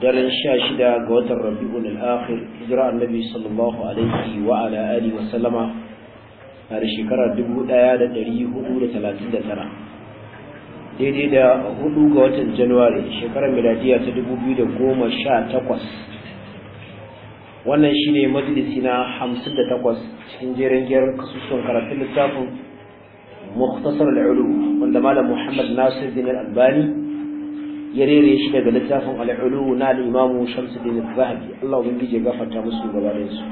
daren sha shida ga watan rabi'un al-akhir hijira annabi sallallahu alaihi wa ala alihi wa sallama a shekarar 1439 daidai da hudu ga watan januwari shekarar miladiya ta 2018 wannan shine majalisi na 58 cikin jerin giyar kasusun karatun littafin muktasar al-ulu wanda malam muhammad nasir bin al-albani Yarere shi daga littafin al'ulu na al'imamu da zahabi Allah ubangiji ya gafarta musu da su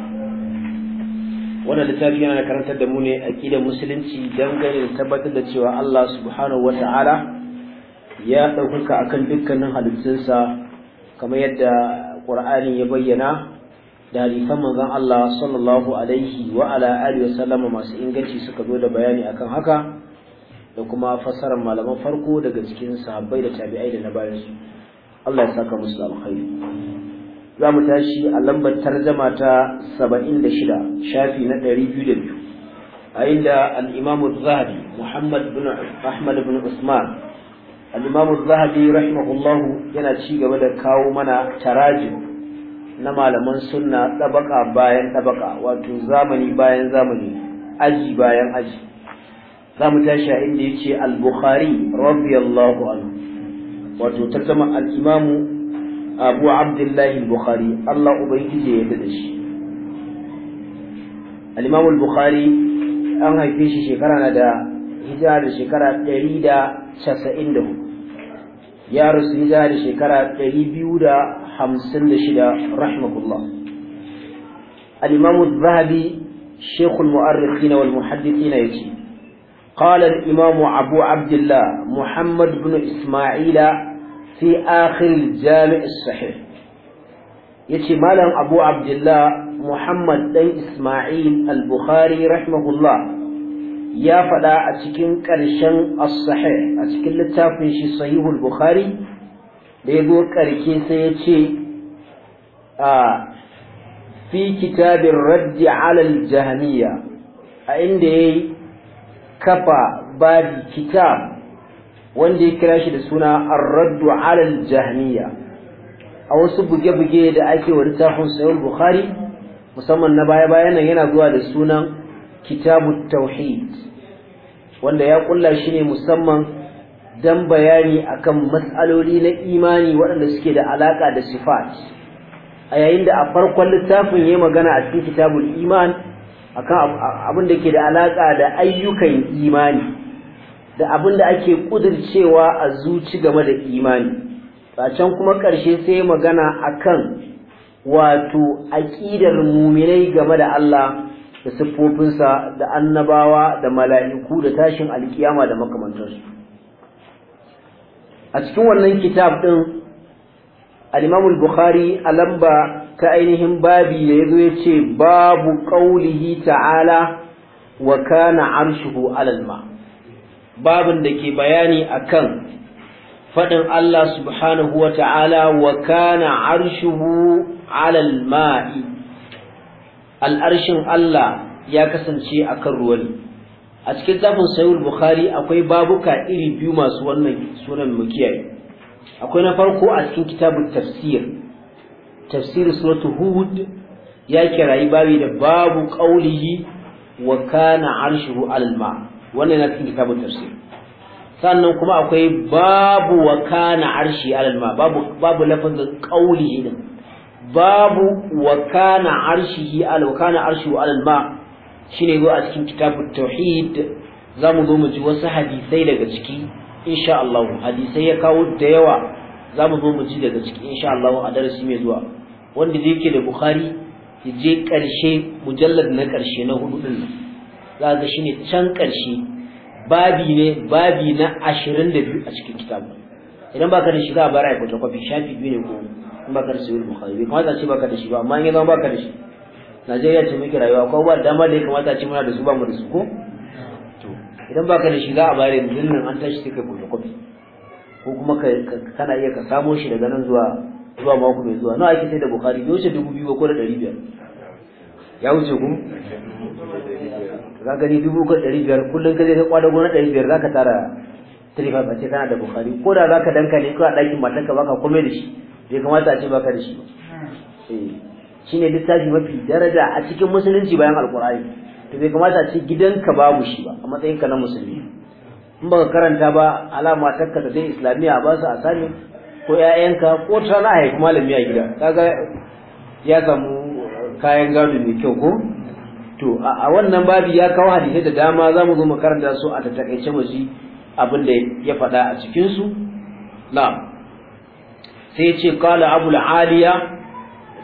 wannan littafi yana karantar da mu ne aqidar musulunci dangane da tabbatar da cewa Allah subhanahu wa ta'ala ya ɗaukaka akan dukkanin halittunsa kamar yadda ƙur'ani ya bayyana da hadisan manzon Allah sallallahu alaihi wa ala alihi masu inganci suka zo da bayani akan haka da kuma fasarar malaman farko daga cikin sahabbai da tabi'ai da na bayan su Allah ya saka musu alkhairi za mu tashi a lambar tarjama ta 76 shafi na 202 a inda al-Imam az-Zahabi Muhammad bin Ahmad bin Usman al-Imam az-Zahabi rahimahullahu yana ci gaba da kawo mana tarajim na malaman sunna tabaka bayan tabaka wato zamani bayan zamani aji bayan aji za mu tashi a inda yace al-bukhari radiyallahu anhu wato tarjama al-imamu abu abdullahi al-bukhari Allah ubangiji ya yarda da shi al-imamu al-bukhari an haife shi shekara na da hijira da shekara 194 ya rasu hijira da shekara 256 rahimahullah al-imamu al-zahabi shaykhul mu'arrikhin wal ya ce. قال الإمام أبو عبد الله محمد بن إسماعيل في آخر الجامع الصحيح يتي مالا أبو عبد الله محمد بن إسماعيل البخاري رحمه الله يا فلا أتكن كرشن الصحيح أتكن لتافن شي صحيح البخاري ليبو كركي سيتي آه في كتاب الرد على الجهمية عندي kafa babi kitab wanda ya kira shi da suna ar-raddu ala jahmiya a wasu buge-buge da ake wa littafin sahih bukhari musamman na baya-bayan nan yana zuwa da sunan Kitabu tauhid wanda ya kulla shi ne musamman dan bayani akan matsaloli na imani waɗanda suke da alaƙa da sifat a yayin da a farkon littafin yayi magana a cikin kitabul iman akan abin da ke da alaƙa da ayyukan imani da abin da ake kudircewa a zuci game da imani a can kuma ƙarshe sai magana akan wato aƙidar muminai game da Allah da siffofinsa da annabawa da mala'iku da tashin alkiyama da makamantarsu a cikin wannan kitab ɗin al-Imam bukhari a lamba ka ainihin babi da ya ce babu qaulihi ta'ala wa kana arshuhu alal ma babin da ke bayani akan faɗin Allah subhanahu wa ta'ala wa kana arshuhu alal al'arshin Allah ya kasance akan ruwan. a cikin zafin sayul bukhari akwai babuka iri biyu masu wannan sunan mukiyayi akwai na farko a cikin kitabun tafsir tafsir suratu hud ya kirayi babi da babu qaulihi wa kana arshuhu alma wannan yana cikin kitabun tafsir sannan kuma akwai babu wa kana arshi alma babu babu lafazin qaulihi din babu wa kana arshihi al wa kana arshuhu alma shine go a cikin kitabun tauhid zamu zo mu ji wasu hadisai daga ciki insha Allah hadisai ya kawo da yawa za mu zo mu ji daga ciki insha Allah a darasi mai zuwa wanda zai ke da Bukhari ya je karshe mujallad na karshe na hudu din nan za ga shine can karshe babi ne babi na 22 a cikin kitabu idan baka da shiga bara ko ta kwafi shafi biyu ne ko in baka da shi Bukhari bai kamata a ce baka da shi ba amma in zama baka da shi Najeriya ce muke rayuwa ko ba dama da ya kamata a ce muna da su ba mu da su ko idan baka da shi za a bare yanzu nan an tashi take ko kwafi ko kuma kana iya ka samo shi daga nan zuwa zuwa mako mai zuwa nawa ake sai da bukari ya wuce dubu biyu ko da ɗari biyar ya wuce ku ka gani dubu ko ɗari biyar kullum ka zai ka kwada gona ɗari biyar za ka tara tarifa ba ce kana da bukari ko da za ka danka ne ko a ɗakin ka baka komai da shi bai kamata a ce baka da shi ba eh, shi ne littafi mafi daraja a cikin musulunci bayan alkur'ani to bai kamata a ce gidanka babu shi ba a matsayinka na musulmi in baka karanta ba alama takka da zai islamiya ba su sami ko 'ya'yanka ko ta na haifi malami a gida kaga ya samu kayan gado mai kyau ko to a wannan babi ya kawo hadisai da dama za mu zo mu karanta su a takaice mu ji abin da ya faɗa a cikin su na sai ya ce qala abul aliya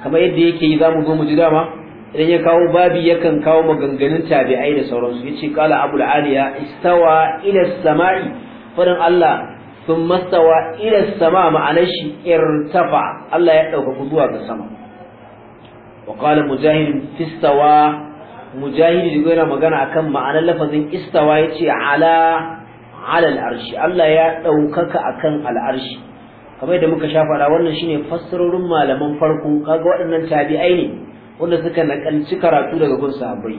kamar yadda yake yi za mu zo mu ji dama idan ya kawo babi yakan kawo maganganun tabi'ai da sauransu yace qala abul aliya istawa ila samai fadan Allah sun mastawa ila sama ma'anar shi irtafa Allah ya dauka zuwa ga sama wa qala mujahid fistawa mujahid yana magana akan ma'anar lafazin istawa yace ala ala al'arshi Allah ya daukaka akan al'arshi kamar da muka shafaɗa da wannan shine fassarorin malaman farko kaga waɗannan tabi'ai ne wanda suka nakanci karatu daga gun sahabbai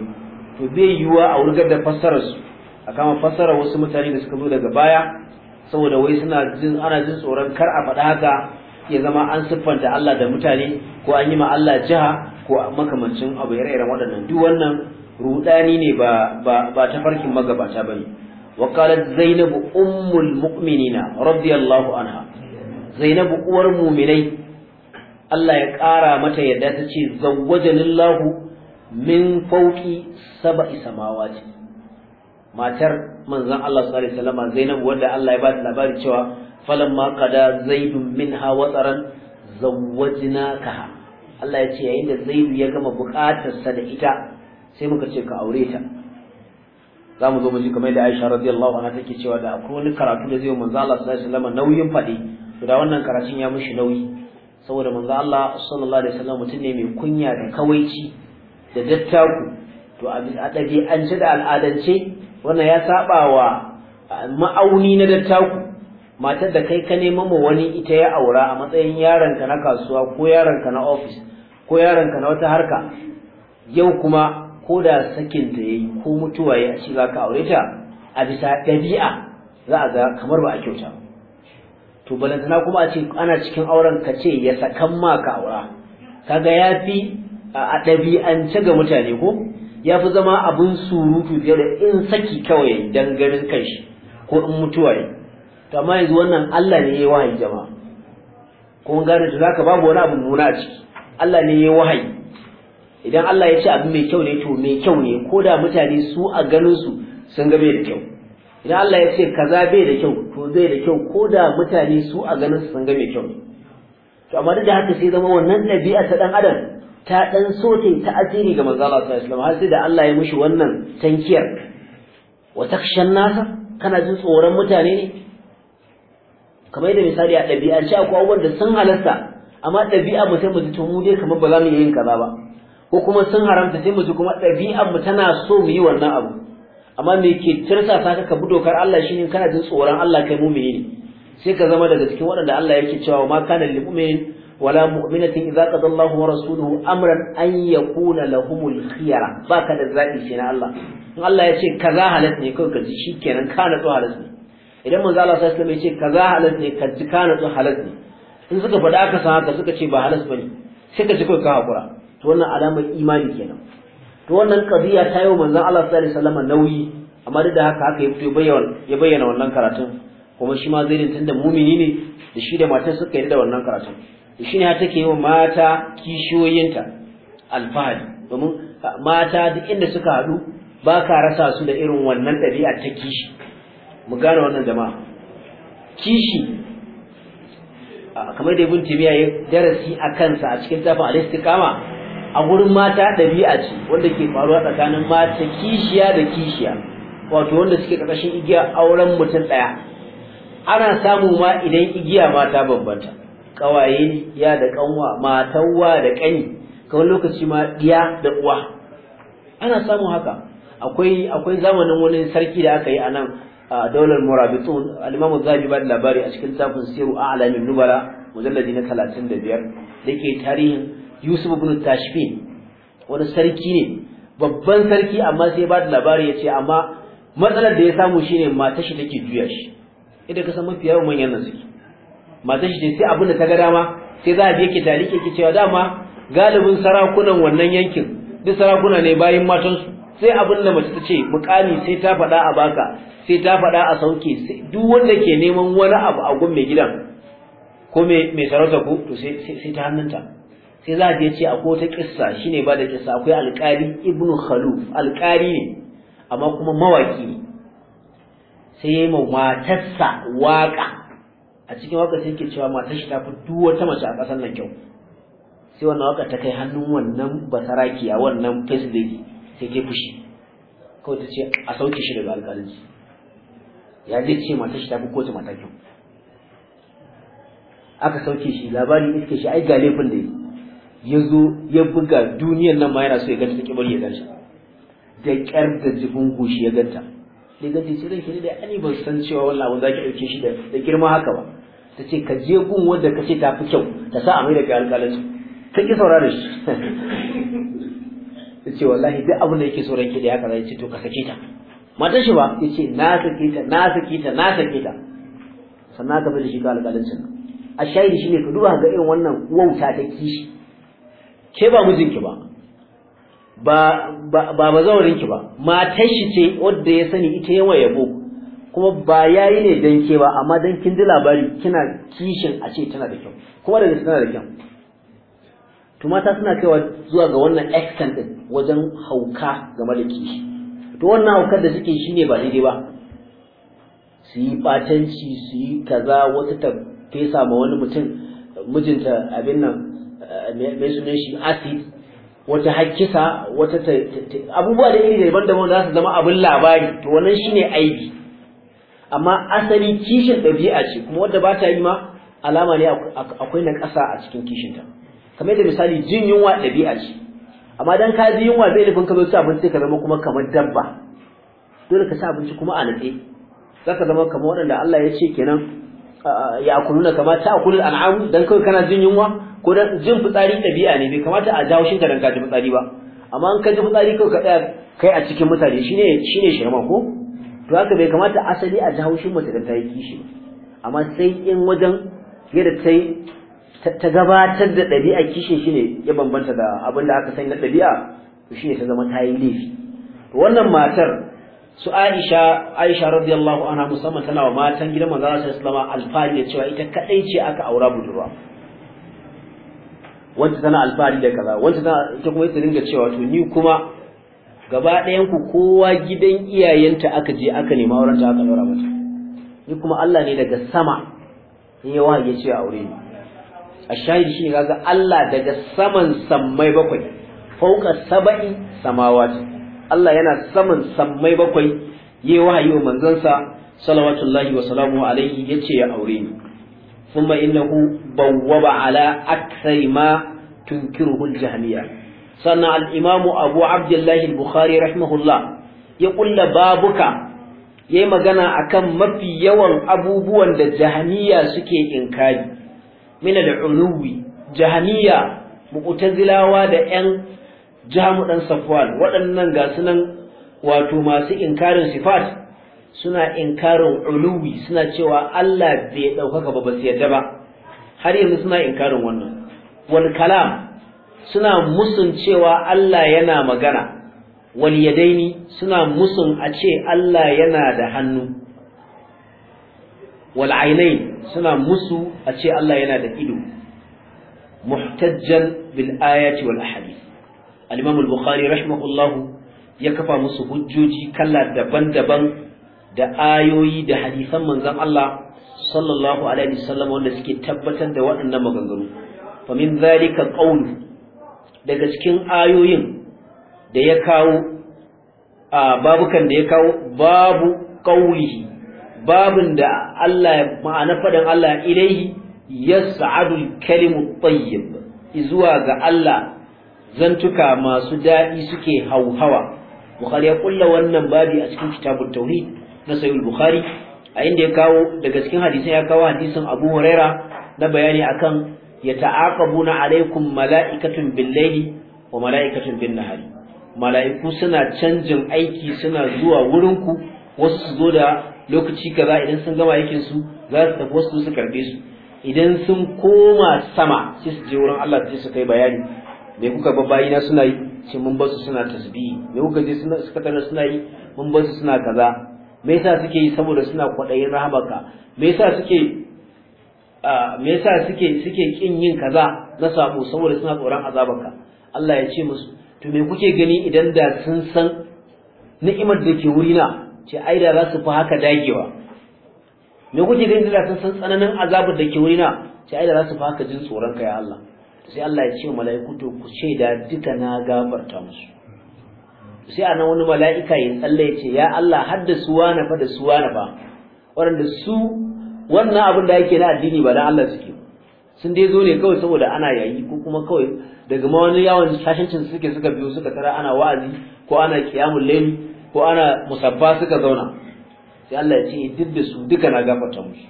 to bai yiwuwa a wurgar da fassararsu, su a kama fassarar wasu mutane da suka zo daga baya saboda wai suna jin ana jin tsoron kar a faɗa haka ya zama an siffanta Allah da mutane ko an yi ma Allah jiha ko makamancin abu ire-iren waɗannan duk wannan rudani ne ba ba ba ta farkin magabata bane wa qalat zainab ummul mu'minina radiyallahu anha Zainabu uwar mu'minai Allah ya ƙara mata yadda ta ce Lillahu min fauki saba'i samawati matar manzon Allah sallallahu alaihi wasallam Zainab wanda Allah ya ba ta labari cewa falamma qada zaidun minha wataran zawwajnakaha Allah ya ce yayin da Zaidu ya gama buƙatarsa da ita sai muka ce ka aure ta za mu zo mu ji kamar da Aisha radiyallahu anha take cewa da akwai wani karatu da zai manzo Allah sallallahu alaihi wasallam nauyin fadi to da wannan karatun ya mishi nauyi saboda manzo Allah sallallahu alaihi wasallam mutum ne mai kunya da kawaici da dattaku to a ɗabi'ance da al'adance wannan ya saba wa ma'auni na dattaku matar da kai ka nema ma wani ita ya aura a matsayin yaron ka na kasuwa ko yaronka na ofis ko ka na wata harka yau kuma ko da sakin ta yayi ko mutuwa ya ci zaka ka aure ta a bisa dabi'a za a ga kamar ba a kyauta ba to balantana kuma a ce ana cikin auren ka ce ya sakan ma ka aura kaga fi a ɗabi'ance ga mutane ko ya fi zama abin surutu fiye da in saki kawai dan ganin kanshi ko in mutuwa ne to amma yanzu wannan Allah ne ya wahayi jama'a kun gane to zaka babu wani abu nuna a ciki Allah ne ya wahayi idan Allah ya ce abu mai kyau ne to mai kyau ne ko da mutane su a ganin su sun ga bai da kyau idan Allah ya ce kaza bai da kyau to zai da kyau ko da mutane su a ganin su san ga mai kyau to amma duk da haka sai zama wannan ɗabi'a ta dan adam ta dan sote ta asiri ga manzo Allah sallallahu alaihi wasallam har sai da Allah ya mushi wannan tankiyar wa takshan nasa kana jin tsoron mutane ne kamar yadda misali a ɗabi'ance akwai abubuwan da sun halasta amma ɗabi'a mu sai mu ji to mu dai kamar ba za mu yi yin kaza ba ko kuma sun haramta sai mu ji kuma ɗabi'an mu tana so mu yi wannan abu amma me ke tirsasa ka ka bi dokar Allah shine kana jin tsoron Allah kai mu'mini ne sai ka zama daga cikin waɗanda Allah yake cewa ma kana lil mu'min wala mu'minatin idza qada Allahu wa rasuluhu amran an yakuna lahumul khiyara ka da zabi shi na Allah in Allah ya ce kaza halas ne kawai ka ji shikenan na tso halas ne idan manzo Allah sallallahu alaihi ya ce kaza halas ne ka ji ka na tso halas ne in suka faɗa aka san haka suka ce ba halas bane sai ka ji kawai ka hakura to wannan alamar imani kenan to wannan kadiya ta yi wa manzon Allah sallallahu alaihi wasallam nauyi amma duk da haka haka ya fito ya bayyana wannan karatun kuma shi ma rin tunda mumini ne da shi da matar suka yi da wannan karatun shi ne take yi mata kishiyoyinta alfahari domin mata duk inda suka haɗu ba ka rasa su da irin wannan ɗabi'a ta kishi mu gane wannan jama'a kishi kamar da ibn timiya ya darasi a kansa a cikin tafin al-istiqama a gurin mata ɗabi'a ce wanda ke faruwa tsakanin mata kishiya da kishiya wato wanda suke ƙarƙashin igiya auren mutum ɗaya ana samu ma idan igiya mata bambanta ƙawaye ya da ƙanwa matawa da ƙani kawai lokaci ma ɗiya da uwa ana samu haka akwai akwai zamanin wani sarki da aka yi a nan a daular murabitu alimamu zabi ba labari a cikin tafin siru a alamin nubala mujalladi na talatin da biyar da ke tarihin yusuf ibn tashfin wani sarki ne babban sarki amma sai ba da labari ya ce amma matsalar da ya samu shine matar shi take juya shi ida ka san mafi yawan manyan nan suke matar shi sai abin da ta ga dama sai za a je ki talike ki cewa dama galibin sarakunan wannan yankin duk sarakuna ne bayan matansu sai abin da mace ta ce mukami sai ta faɗa a baka sai ta faɗa a sauke sai duk wanda ke neman wani abu a gun mai gidan ko mai sarauta ko to sai ta hannunta sai za a je ce akwai wata kissa shine ba da kissa akwai alƙari ibn khaluf alƙari ne amma kuma mawaki ne sai yayi matarsa waka a cikin waka sai yake cewa matar shi ta fi duk wata mace a ƙasar nan kyau sai wannan waka ta kai hannun wannan basaraki a wannan face lady sai ke fushi kawai ta ce a sauke shi daga alƙalinsu ya zai ce matar shi ta fi kowace mata kyau aka sauke shi labarin iske shi ai ga laifin da yi ya zo ya buga duniyar nan ma yana so ya ganta ta kibar ya ganta da ƙyar da jifin goshi ya ganta da ganta sai ranke da ani ban san cewa wannan abin za ki ɗauke shi da girma haka ba ta ce ka je gun wanda ka ce ta fi kyau ta sa a mai da kayan kalansu ta ki saurara shi ta ce wallahi duk abin da yake so ranke da haka ya ce to ka sake ta matar shi ba ya ce na sake ta na sake ta na sake ta sannan ka mai da shi ka alƙalanci a shaidi shi ne ka duba ga irin wannan wauta ta kishi ke ba mijinki ba ba ba bazawarinki ba matar shi ce wadda ya sani ita yawa yabo kuma ba yayi ne dan ke ba amma dan kin ji labari kina kishin a ce tana da kyau kuma da tana da kyau to mata suna kaiwa zuwa ga wannan extent din wajen hauka ga da to wannan haukar da suke shine ba daidai ba su yi batanci su yi kaza wata ta fesa ma wani mutum mijinta abin nan mai sunan shi acid wata hakisa wata abubuwa da iri daban-daban za su zama abin labari to wannan shine aibi amma asali kishin ɗabi'a ce kuma wadda ba ta yi ma alama ne akwai na ƙasa a cikin kishinta kamar da misali jin yunwa ɗabi'a ce amma dan ka ji yunwa bai nufin ka zo ci abinci ka zama kuma kamar dabba dole ka ci abinci kuma a natse zaka zama kamar waɗanda Allah ya ce kenan ya kuluna kama ta kulul an'am dan kawai kana jin yunwa ko dan jin fitsari dabi'a ne bai kamata a jawo shi ka kaji fitsari ba amma an kaji fitsari ko ka tsaya kai a cikin mutane shine shine shirma ko to haka bai kamata asali a jawo shi mutane ta yi kishi amma sai in wajen yadda ta ta gabatar da ɗabi'a kishin shine ya bambanta da abin da aka sani na ɗabi'a to shine ta zama ta yi laifi to wannan matar su Aisha Aisha radiyallahu anha musamman tana wa matan gidan manzo Allah sallallahu alaihi wasallam cewa ita kadai ce aka aura budurwa wanda tana alfahari da kaza wanda tana ita kuma ita dinga cewa to ni kuma gaba ɗayan ku kowa gidan iyayenta aka je aka nema auren ta aka daura mata ni kuma Allah ne daga sama in ya wahaye ce aure ni a shahidi ne kaga Allah daga saman sammai bakwai fauka saba'i samawati Allah yana saman sammai bakwai yi wahayi wa manzansa sa salawatullahi wa salamu alaihi yace ya aure ni kuma innahu bawwaba ala akthari ma tunkiruhu al-jahmiya sannan al-imamu abu abdullahi bukhari rahimahullah ya kulla babuka yayi magana akan mafi yawan abubuwan da jahmiya suke inkari min al-uluwi jahmiya mu'tazilawa da yan jamu dan waɗannan gasunan wato masu inkarin sifat suna inkarin uluwi suna cewa Allah bai ɗaukaka ba ba su yadda ba har yanzu suna inkarin wannan wal kalam suna musun cewa Allah yana magana wal yadaini suna musun a ce Allah yana da hannu wal ainain suna musu a ce Allah yana da ido muhtajjan bil ayati wal ahadith al-imam al-bukhari rahimahullahu ya kafa musu hujjoji kala daban-daban da ayoyi da hadisan manzon Allah sallallahu alaihi wasallam wanda suke tabbatar da waɗannan maganganu fa min zalika qaul daga cikin ayoyin da ya kawo a babukan da ya kawo babu qawlihi babin da Allah ma'ana fadan Allah ilaihi yas'adul kalimu tayyib izuwa ga Allah zantuka masu daɗi suke hauhawa Bukhari ya kulla wannan babi a cikin kitabut tauhid na sahih Bukhari a inda ya kawo daga cikin hadisan ya kawo hadisin Abu Huraira na bayani akan yata'aqabuna alaikum mala'ikatun bil layli wa mala'ikatun bin-nahari mala'iku suna canjin aiki suna zuwa wurinku wasu su zo da lokaci kaza idan sun gama aikin su za su tafi wasu su karbe su idan sun koma sama sai su je wurin Allah su kai bayani me kuka ba na suna yi sai mun basu suna tasbihi me kuka je suna suka tana suna yi mun basu suna kaza me yasa suke yi saboda suna kwaɗayin rahabarka me yasa suke me yasa suke suke kin yin kaza na sabo saboda suna tsoron azabanka Allah ya ce musu to me kuke gani idan da sun san ni'imar da ke wurina ce ai da za su fi haka dagewa me kuke gani da sun san tsananin azabar da ke wurina ce ai da za su fi haka jin tsoron ka ya Allah sai Allah ya ce mala'iku to ku ce da duka na gafarta musu sai anan wani mala'ika ya tsalle ya ce ya Allah hadda suwa na fa da suwa na fa waɗanda su wannan abin da yake na addini ba dan Allah suke sun dai zo ne kawai saboda ana yayi ko kuma kawai daga ma wani yawon shashancin suke suka biyo suka tara ana wa'azi ko ana qiyamul layl ko ana musabba suka zauna sai Allah ya ce eh, duk da su duka na gafarta musu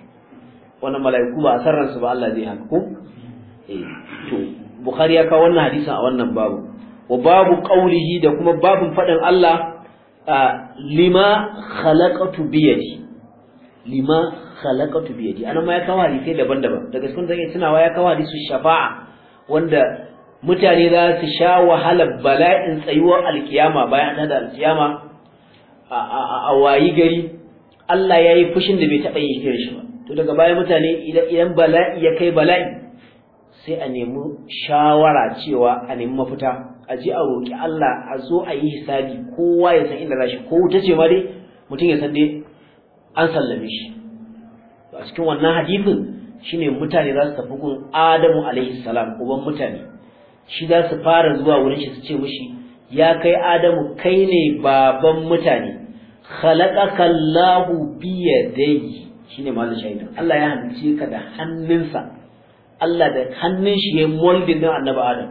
wannan mala'iku ba a sarransu ba Allah zai haka ko eh to Bukhari ya kawo wannan hadisin a wannan babu wa babu qaulihi da kuma babun faɗin Allah lima khalaqatu biyadi lima khalaqatu biyadi anan ma ya kawo daban-daban daga cikin zan iya tunawa ya kawo su shafa'a wanda mutane za su sha wahalar bala'in tsayuwar alkiyama bayan da alkiyama a wayi gari Allah ya yi fushin da bai taɓa yi irin shi ba to daga baya mutane idan bala'i ya kai bala'i sai a nemi shawara cewa a nemi mafita a ji a roƙi Allah a zo a yi hisabi kowa ya san inda zashi ko wuta ce ma dai mutum ya san dai an sallame shi a cikin wannan hadisin shine mutane za su tafi gun Adamu alaihi salam uban mutane shi za su fara zuwa wurin shi su ce mishi ya kai Adamu kai ne baban mutane khalaqaka Allahu bi yadayhi shine mallan shaidan Allah ya halice ka da hannunsa Allah da hannun shi ya moldin annabi Adam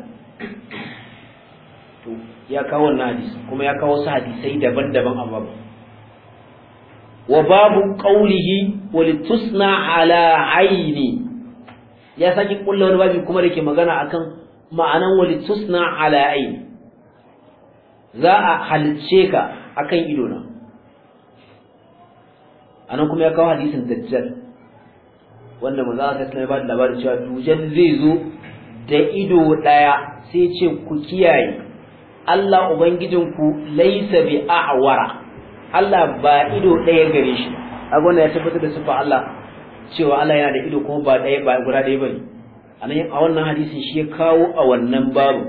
ya kawo wannan hadisi kuma ya kawo su hadisai daban-daban a babu wa babu qawlihi litusna ala aini ya saki kullu wani babu kuma dake magana akan ma'anan litusna ala aini za a halice ka akan ido na anan kuma ya kawo hadisin dajjal wanda maza Allah sallallahu ba da labarin cewa dujal zai zo da ido daya sai ce ku kiyaye Allah ubangijinku laisa bi a'wara Allah ba ido ɗaya gare shi a ya tabbata da sifa Allah cewa Allah yana da ido kuma ba ɗaya ba guda ɗaya bane anan a wannan hadisin shi ya kawo a wannan babu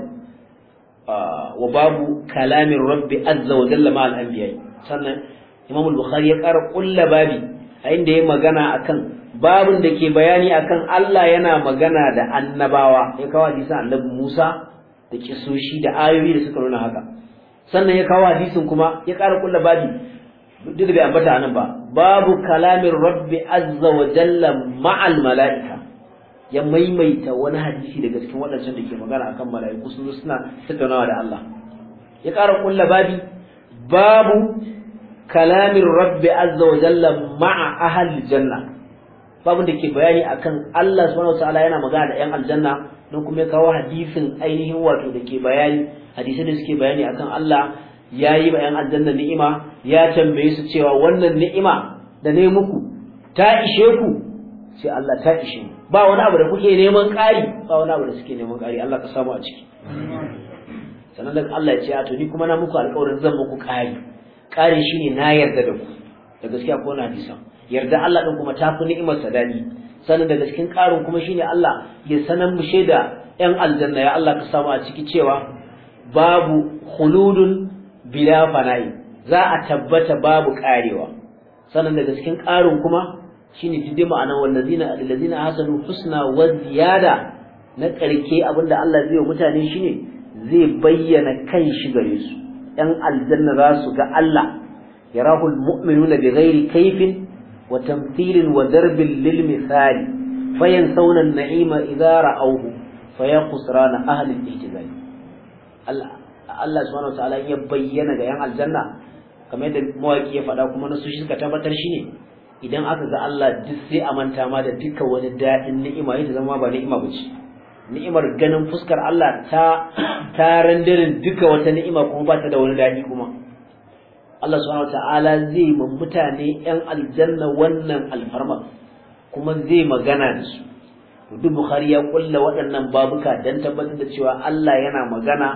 wa babu kalamin rabbi azza wa jalla ma'al anbiya sannan Imam al-Bukhari ya ƙara ƙulla babi a inda ya magana akan babun da ke bayani akan Allah yana magana da annabawa ya kawo hadisin annabi Musa da kisoshi da ayoyi da suka nuna haka sannan ya kawo hadisin kuma ya ƙara kulla babi duk da bai ambata anan ba babu kalamin rabbi azza wa jalla ma'al mala'ika ya maimaita wani hadisi daga cikin waɗancan da ke magana akan mala'iku sun suna tattaunawa da Allah ya ƙara kulla babi babu kalamin rabbi azza wa jalla ma'a ahli janna babu da ke bayani akan Allah subhanahu wa ta'ala yana magana da 'yan aljanna don kuma ya kawo hadisin ainihin wato da ke bayani hadisai da suke bayani akan Allah ya yi bayan aljanna ni'ima ya tambaye su cewa wannan ni'ima da ne muku ta ishe ku sai Allah ta ishe mu ba wani abu da kuke neman kari ba wani abu da suke neman ƙari Allah ka samu a ciki sannan daga Allah ya ce a to ni kuma na muku alƙawarin zan muku kari ƙari shine na yarda da ku da gaskiya ko na hadisan yarda Allah din kuma ta fi ni'imar sa dadi sanin daga cikin karin kuma shine Allah ya sanan mu shaida yan aljanna ya Allah ka samu a ciki cewa babu khuludun bila fana'i za a tabbata babu karewa sanin daga cikin karin kuma shine dide ma'anar wallazina allazina hasanu husna wa ziyada na karke abinda Allah zai yi mutane shine zai bayyana kan shi gare su ‘yan aljanna za su ga Allah, ya rahul mu'minu na bighairi kaifin wa tamthilin wa darbin lil misali fayansawna an-na'ima idza ra'awhu faya khusrana ahli al-ihtizal Allah Allah subhanahu wa ya bayyana ga yan aljanna kamar yadda mawaki ya faɗa kuma na su shi suka tabbatar shine idan aka ga Allah duk sai a manta ma da dukkan wani daɗin ni'ima yadda zama ba ni'ima ba ce ni'imar ganin fuskar Allah ta ta randarin duka wata ni'ima kuma ba ta da wani daɗi kuma Allah subhanahu wata'ala zai ma mutane yan aljanna wannan alfarma kuma zai magana da su to duk bukhari ya kulla waɗannan babuka dan tabbatar da cewa Allah yana magana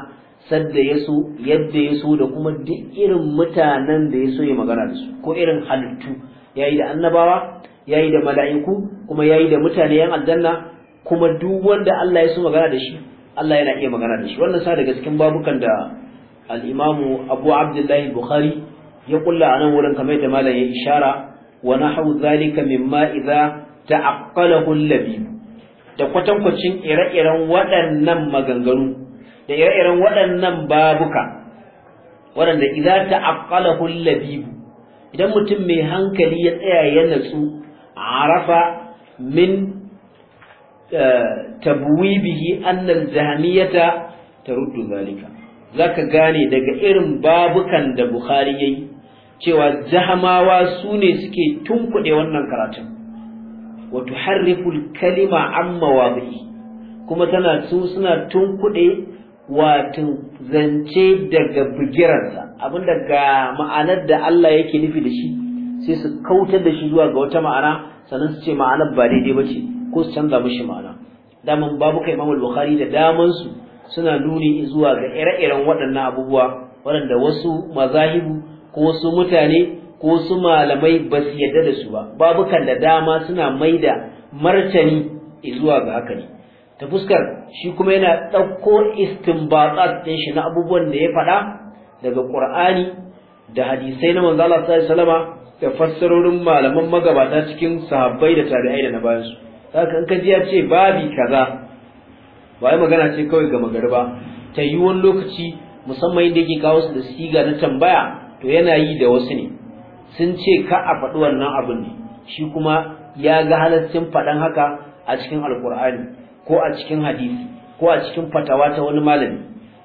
sadda ya so yadda ya so da kuma duk irin mutanen da ya so ya magana da su ko irin halittu yayi da annabawa yayi da mala'iku kuma yayi da mutane yan aljanna kuma duk wanda Allah ya so magana da shi Allah yana iya magana da shi wannan sa daga cikin babukan da al-Imam Abu Abdullah Bukhari ya kulla a nan wurin kamar da malam ya ishara wa nahwu zalika mimma idza ta'aqqalahu al-labib da kwatankwacin ire-iren waɗannan maganganu da ire-iren waɗannan babuka waɗanda idza ta'aqqalahu al-labib idan mutum mai hankali ya tsaya ya natsu arafa min eh, tabwibihi anna al-jahmiyata taruddu zalika zaka gane daga irin babukan da Bukhari yayi cewa jahamawa su ne suke tunkuɗe wannan karatun wato harriful kalima an mawadi kuma tana su suna tunkuɗe wato zance daga bugiransa abinda ga ma'anar da Allah yake nufi da shi sai su kautar da shi zuwa ga wata ma'ana sannan su ce ma'anar ba daidai ba ce ko su canza mishi ma'ana daman babu kai Imam Bukhari da daman su suna nuni zuwa ga ire-iren waɗannan abubuwa waɗanda wasu mazahibu ko su mutane ko su malamai ba su yarda da su ba babukan da dama suna mai da martani zuwa ga haka ne ta fuskar shi kuma yana ɗauko istinbatsat ɗin shi na abubuwan da ya faɗa daga ƙur'ani da hadisai na manzo Allah sallallahu alaihi da fassarorin malaman magabata cikin sahabbai da tabi'ai da na bayansu haka in ka ji ya ce babi kaza ba magana ce kawai ga magariba ta yi wani lokaci musamman inda yake kawo su da siga na tambaya to yana yi da wasu ne sun ce ka a faɗi wannan abin ne shi kuma ya ga halaccin faɗan haka a cikin alkur'ani ko a cikin hadisi ko a cikin fatawa ta wani malami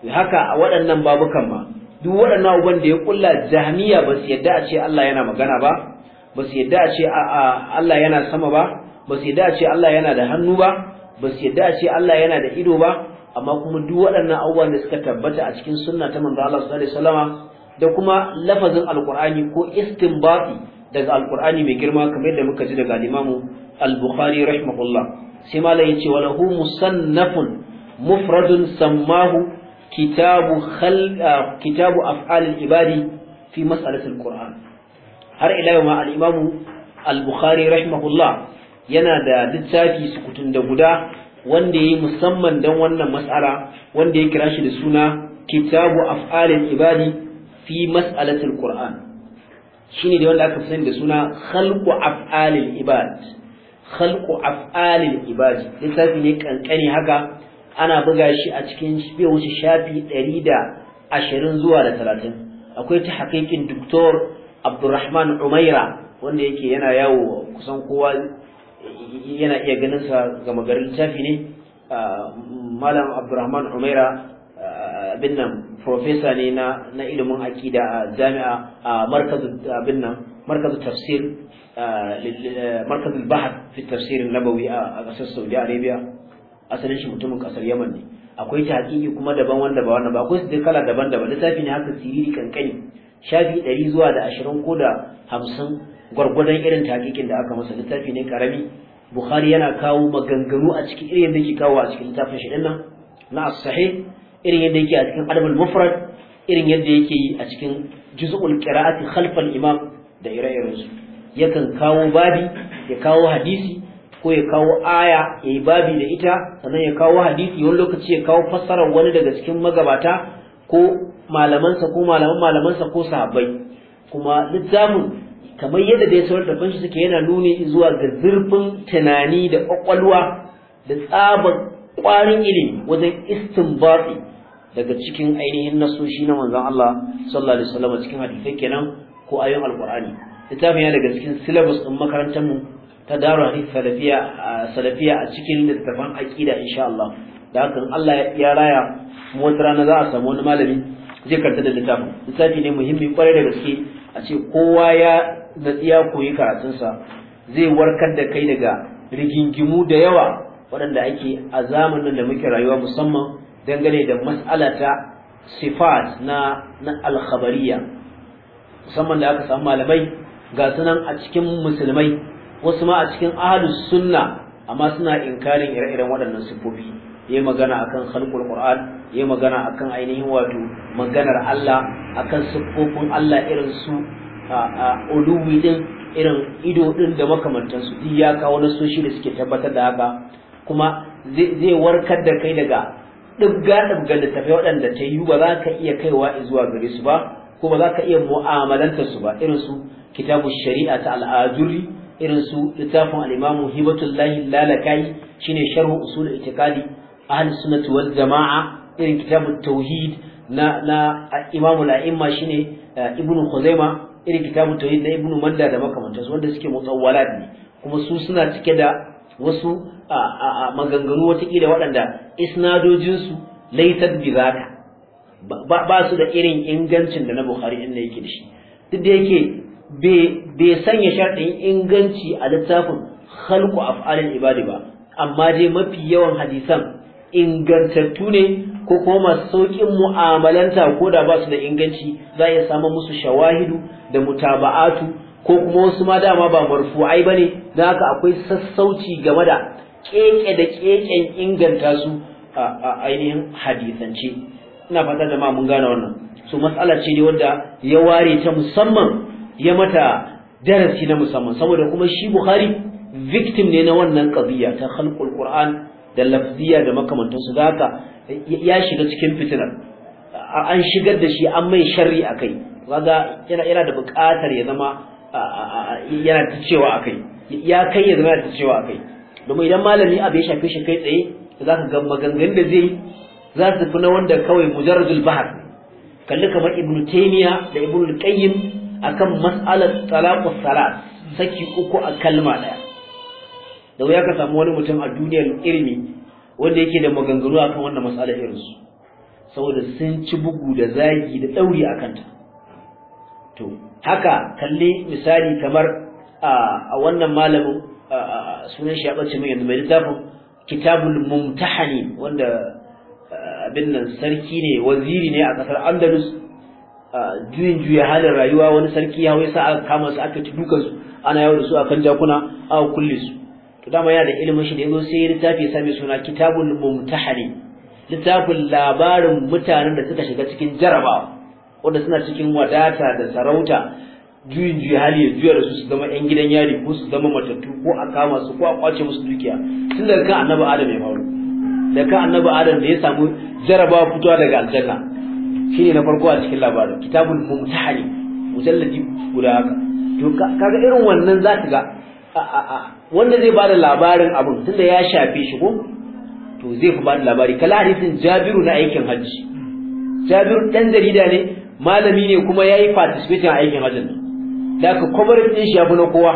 haka a waɗannan babukan ma duk waɗannan abubuwan da ya kulla jahmiya ba su yadda a ce Allah yana magana ba ba su yadda a ce Allah yana sama ba ba su yadda a ce Allah yana da hannu ba ba su yadda a ce Allah yana da ido ba amma kuma duk waɗannan abubuwan da suka tabbata a cikin sunna ta manzo Allah sallallahu alaihi wasallama da kuma lafazin Alƙur'ani ko istinbati daga alkur'ani mai girma kamar yadda muka ji daga Imam al-Bukhari rahimahullah sai malai yace wala hu musannafun mufradun sammahu kitabu khal ah, kitabu af'al al-ibadi fi mas'alat al-qur'an har ila yau ma al-Imam al-Bukhari rahimahullah yana da littafi sukutun da guda wanda ya yi musamman don wannan matsala wanda ya kira shi da suna kitabu af'alin ibadi fi mas'alatul qur'an shine da wanda aka fi sani da suna khalqu af'alil ibad khalqu af'alil ibad littafi ne kankani haka ana buga shi a cikin bai wuce shafi 120 zuwa da 30 akwai ta hakikin doktor Abdurrahman Umaira wanda yake yana yawo kusan kowa yana iya ganin sa ga magarin littafi ne ah, malam Abdurrahman Umaira abin nan profesa ne na na ilimin akida a jami'a a markazu abin nan markazu tafsir markazu bahar fi tafsirin nabawi a kasar saudi arabia asalin shi mutumin kasar yaman ne akwai tahqiqi kuma daban wanda ba wannan ba akwai su kala daban-daban littafi ne haka siriri kankani shafi ɗari zuwa da ashirin ko da hamsin gwargwadon irin tahqiqin da aka masa littafi ne karami bukhari yana kawo maganganu a cikin irin da ke kawo a cikin littafin shi na sahih irin yadda yake a cikin adabul mufrad irin yadda yake a cikin juz'ul qira'ati khalfal imam da ire-iren yakan kawo babi ya kawo hadisi ko ya kawo aya ya yi babi da ita sannan ya kawo hadisi wani lokaci ya kawo fassarar wani daga cikin magabata ko malamansa ko malaman malamansa ko sahabbai kuma littafin kamar yadda dai sauran da shi suke yana nuni zuwa ga zurfin tunani da kwakwalwa da tsabar kwarin ilimi wajen istinbati daga cikin ainihin nasoshi na manzon Allah sallallahu alaihi wasallam cikin hadisai kenan ko ayoyin alqur'ani littafin ya daga cikin syllabus din makarantar mu ta daru hadisi salafiya salafiya a cikin littafin aqida insha Allah da haka Allah ya raya mu wata rana za a samu wani malami zai karanta da littafin littafi ne muhimmi kwarai da gaske a ce kowa ya da ya koyi karatun sa, zai warkar da kai daga rigingimu da yawa waɗanda ake a zamanin da muke rayuwa musamman dangane da ta sifat na na alkhabariya musamman da aka samu malamai ga sunan a cikin musulmai wasu ma a cikin ahlus sunna amma suna inkarin ire-iren waɗannan sifofi yayi magana akan khalqul qur'an yayi magana akan ainihin wato maganar Allah akan siffofin Allah irin su a uluwi din irin ido din da makamantansu duk ya kawo nasoshi da suke tabbatar da haka kuma zai warkar da kai daga ɗibga-ɗibga littafai waɗanda ta yi ba za ka iya kaiwa zuwa gare su ba ko ba za ka iya mu'amalantar su ba irin su kitabu shari'a ta al'aduri irin su littafin al'imamu hibatullahi lalakai shine sharhu usul itikadi ahli sunnati wal jama'a irin kitabu tauhid na na imamu la'imma shine eh, ibnu khuzaima irin kitabu tauhid na ibnu manda da makamantansu wanda suke mutawwalat ne kuma su suna cike da wasu maganganu watakila waɗanda isnadojinsu laisar bizaka ba su da irin ingancin da na bukhari inda yake da shi duk da yake bai sanya sharɗin inganci a littafin khalqu af'alil ibadi ba amma dai mafi yawan hadisan ingantattu ne ko kuma masu sauƙin mu'amalanta ko da ba su da inganci za a samu musu shawahidu da mutaba'atu ko kuma wasu ma dama ba marfu'ai ba ne don haka akwai sassauci game da keke da keken inganta su a ainihin hadisance ina fata da ma mun gane wannan so matsala ce ne wanda ya ware ta musamman ya mata darasi na musamman saboda kuma shi Bukhari victim ne na wannan qadiya ta khalqul Qur'an da lafziya da makamantan su haka ya shiga cikin fitinar an shigar da shi an mai sharri akai kaga yana yana da buƙatar ya zama yana ta cewa akai ya kai ya zama ta cewa akai domin idan malami abu ya shafi shi kai tsaye za ka ga maganganun da zai za su fi na wanda kawai mujarradul bahar kalli kamar ibnu taymiya da ibnu qayyim akan mas'alar talaqus salat saki uku a kalma daya da ya ka samu wani mutum a duniyar ilimi wanda yake da maganganu akan wannan mas'alar irinsu saboda sun ci bugu da zagi da dauri akan ta to haka kalli misali kamar a wannan malamin sunan shi ya ɓace min yanzu mai littafin kitabun mumtahani wanda abin nan sarki ne waziri ne a kasar andalus juyin juya halin rayuwa wani sarki ya hau sa aka kama su aka ci ana yawo da su akan jakuna a kulle su to dama yana da ilimin shi da yanzu sai littafi ya same suna kitabul mumtahani littafin labarin mutanen da suka shiga cikin jarabawa wanda suna cikin wadata da sarauta juyin juyi hali ya juya da su su zama yan gidan yari ko su zama matattu ko a kama su ko a kwace musu dukiya tun daga kan annabi adam ya faru da kan annabi adam da ya samu jarabawa fitowa daga aljanna shine na farko a cikin labarin kitabun mumtahani mujalladi guda haka to kaga irin wannan za ka ga wanda zai bada labarin abin tunda ya shafe shi ko to zai fi bada labari kala hadisin Jabiru na aikin hajji Jabiru dan jarida ne malami ne kuma yayi participating a aikin hajji da ka kwabarin ɗin shi abu na kowa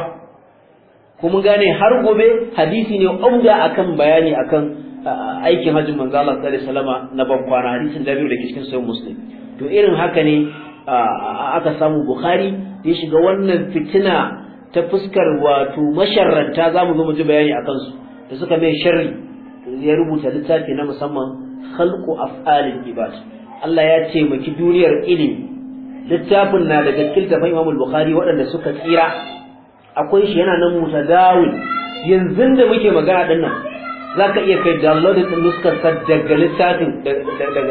kuma gane har gobe hadisi ne umda akan bayani akan aikin hajjin manzo Allah sallallahu alaihi na ban kwana hadisin Jabir da ke cikin sahih to irin haka ne aka samu Bukhari ya shiga wannan fitina ta fuskar wato masharranta zamu zo mu ji bayani akan su da suka mai sharri ya rubuta littafi na musamman khalqu af'alil ibad Allah ya taimaki duniyar ilimi littafin na daga cikin tafai Imam Bukhari waɗanda suka tsira akwai shi yana nan mutadawin yanzu da muke magana din nan ka iya kai download din nuskar sa daga littafin daga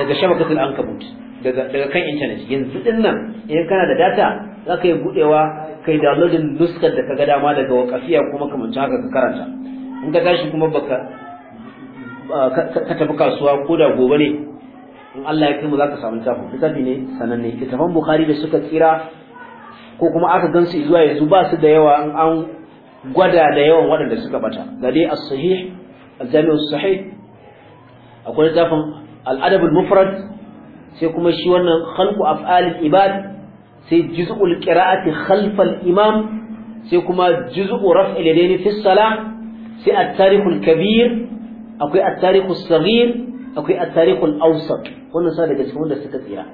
daga shabakatul ankabut daga daga kan internet yanzu din nan idan kana da data zaka yi budewa kai download din nuskar da kaga dama daga waqafiya kuma kamar haka ka karanta in ka tashi kuma baka ka tafi kasuwa ko da gobe ne in Allah ya kai mu zaka samu littafin littafi ne sananne littafan bukhari da suka tsira ko kuma aka gansu zuwa yanzu ba su da yawa in an gwada da yawan waɗanda suka bata da dai as-sahih al-jami' sahih akwai littafin al-adab al-mufrad sai kuma shi wannan khalqu af'al al-ibad sai juz'ul qira'ati khalf al-imam sai kuma juz'u raf'i al-yadayn fi as-salah sai at-tarikh al-kabir akwai at-tarikh as-saghir akwai at-tariqul awsat wannan sa daga cikin wanda suka tsira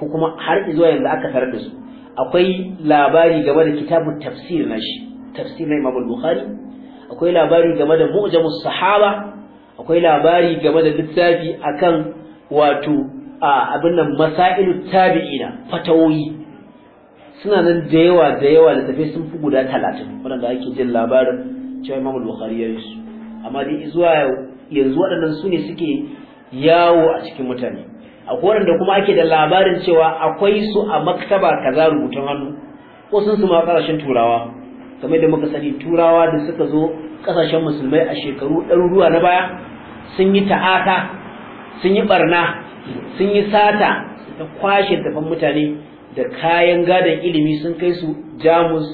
ko kuma har zuwa yanzu aka tarar da su akwai labari game da kitabut tafsir na shi tafsir na Imam bukhari akwai labari game da mu'jamus sahaba akwai labari game da littafi akan wato a abin nan masailu tabi'ina fatawoyi suna nan da yawa da yawa da tafi sun fi guda 30 wanda ake jin labarin cewa Imam bukhari ya yi su amma dai zuwa yau yanzu waɗannan su ne suke yawo a cikin mutane akwai waɗanda kuma ake da labarin cewa akwai su a maktaba kaza rubutun hannu ko sun su ma ƙasashen turawa kamar da muka sani turawa da suka zo ƙasashen musulmai a shekaru ɗaruruwa na baya sun yi ta'ata sun yi barna sun yi sata da kwashe tafan mutane da kayan gadon ilimi sun kai su jamus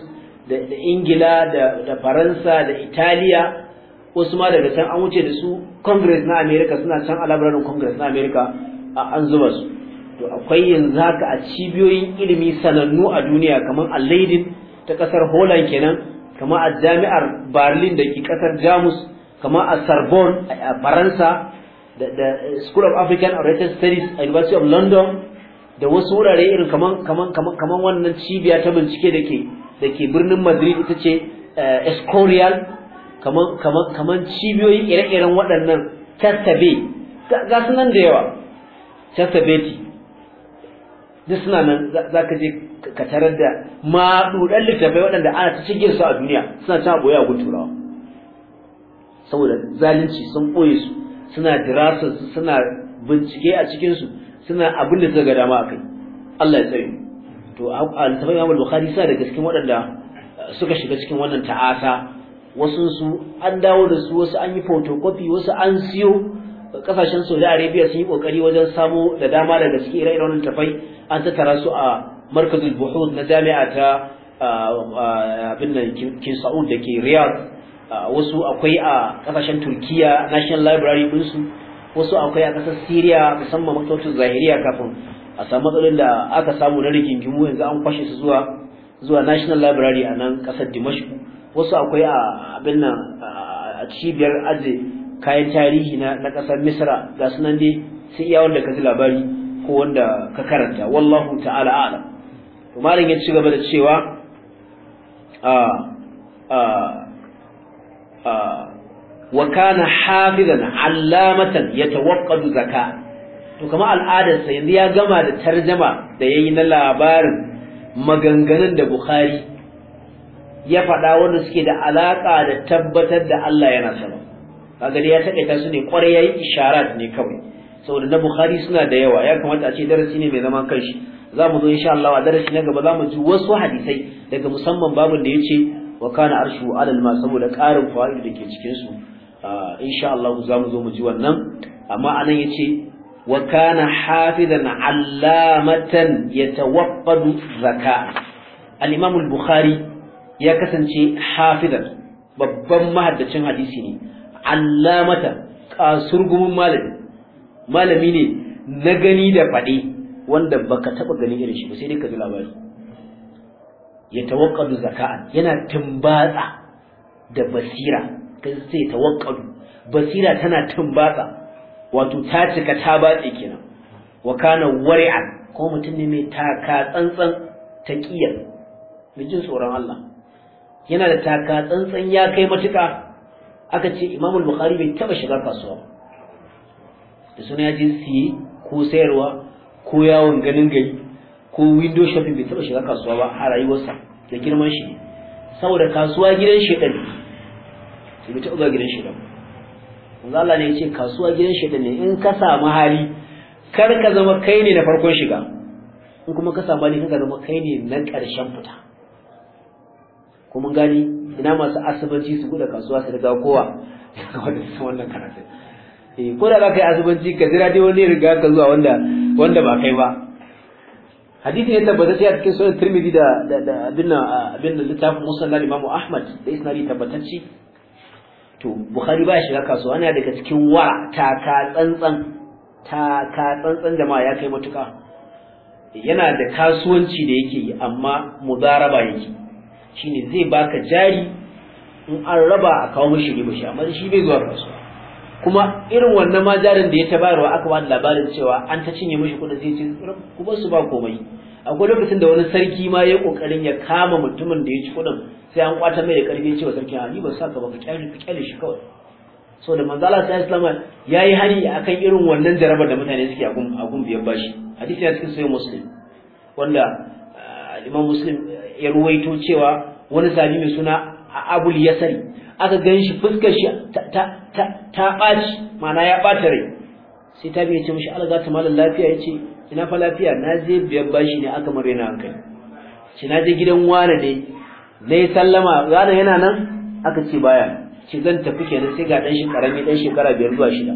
da ingila da faransa da italiya wasu ma daga can an wuce da su congress na america suna can a labirarin congress na america an zuba su to akwai yanzu haka a cibiyoyin ilimi sanannu a duniya kamar a leiden ta kasar holland kenan kamar a jami'ar berlin da ke kasar jamus kamar a sorbonne a faransa da school of african oriental studies a university of london da wasu wurare irin kamar wannan cibiya ta bincike da ke da ke birnin Madrid ita ce eh, Escorial kaman kaman kaman cibiyoyi ire-iren waɗannan tattabe ga su nan da yawa tattabeti duk suna nan za ka je ka tarar da maɗuɗan littafai waɗanda ana ta cikin su a duniya suna can boye a turawa saboda zalunci sun ɓoye su suna dirasar su suna bincike a cikinsu suna abin da suka ga dama a kai Allah ya tsaye to a littafai Imam Bukhari suna da gaskin waɗanda suka shiga cikin wannan ta'asa wasu su an dawo da su wasu an yi photocopy wasu an siyo kasashen Saudi Arabia sun yi kokari wajen samo da dama daga cikin ire-iren wannan tafai an tattara su a markazul buhud na jami'a ta abin nan kin Saud da ke Riyadh wasu akwai a kasashen Turkiya National Library din su wasu akwai a kasar Syria musamman maktotun Zahiriya kafin a samu matsalolin da aka samu na rigingimu yanzu an kwashe su zuwa zuwa National Library a nan kasar Dimashq wasu akwai a abin nan a cibiyar aje kayan tarihi na na kasar misra ga sunan dai sai iya wanda ka ji labari ko wanda ka karanta wallahu ta'ala ala to malam ya ci gaba da cewa a a a wa kana hafizan allamatan yatawaqqadu zaka to kamar al'adarsa yanzu ya gama da tarjama da yayi na labarin maganganun da bukhari ya faɗa wanda suke da alaƙa da tabbatar da Allah yana sama kaga dai ya taƙaita su ne ƙwarai yayi isharat ne kawai saboda na Bukhari suna da yawa ya kamata a ce darasi ne mai zaman kanshi za mu zo insha Allah a darasi na gaba za mu ji wasu hadisai daga musamman babin da yace wa kana arshu alal ma saboda ƙarin fa'idu da ke cikin su insha Allah za mu zo mu ji wannan amma anan yace wa kana hafizan allamatan yatawaqqadu zakat al-imam al-bukhari ya kasance hafizan babban mahaddacin hadisi ne allamata kasurgumin malami malami ne na gani da faɗi wanda baka taba gani irin shi ba sai dai ka ji labari ya tawakkalu zaka'an yana tumbatsa da basira kai sai tawakkalu basira tana tumbatsa wato ta cika ta batse kenan wa kana wari'an ko mutum ne mai taka tsantsan taqiya mijin jin tsoron Allah yana da taka tsantsan ya kai matuka aka ce imamu bukhari bai taba shiga kasuwa da suna ya je siye ko sayarwa ko yawon ganin gari ko window shopping bai taba shiga kasuwa ba a rayuwarsa da girman shi saboda kasuwa gidan shedan sai ta uba zuwa gidan shedan wanzu Allah ne ya ce kasuwa gidan shedan ne in ka samu hali kar ka zama kai ne na farkon shiga in kuma ka samu hali ka zama kai ne na ƙarshen fita ko mun gani ina masu asibanci su buɗe kasuwa su riga kowa wannan karatun eh, ko da za yi asibanci ka jira dai wani riga ka zuwa wanda wanda ba kai ba hadisi ya ba zai a cikin sunan Tirmidhi da da abinna abinna littafin musalla Imam Ahmad da isnadi tabbatacce to Bukhari ba ya shiga kasuwa ana daga cikin wa ta ka tsantsan ta ka tsantsan jama'a ya kai matuka yana da kasuwanci da yake yi amma mudaraba yake shine zai baka jari in an raba a kawo mishi riba shi amma shi bai zuwa kasuwa kuma irin wannan ma jarin da ya ta bayarwa aka ba labarin cewa an ta cinye mishi kuɗin zai ce kuma su ba komai akwai lokacin da wani sarki ma ya kokarin ya kama mutumin da ya ci kudin sai an kwata mai da karfi ya ce wa sarki ali ba saka ba ka kyale ka kyale shi kawai so da Manzala sai islam ya yi hari akan irin wannan jarabar da mutane suke a gun biyar bashi hadisi ya cikin sahih muslim wanda al-imam uh, muslim ya ruwaito cewa wani sahabi mai suna abul yasari aka gan shi fuskar shi ta ɓaci mana ya ɓata rai sai ta biya ce mashi alga ta malar lafiya ya ce ina fa lafiya na je biyan bashi ne aka mare na hankali ce na je gidan wane ne na yi sallama gane yana nan aka ce baya ce zan tafi kenan sai ga ɗan shi ƙarami ɗan shekara biyar zuwa shida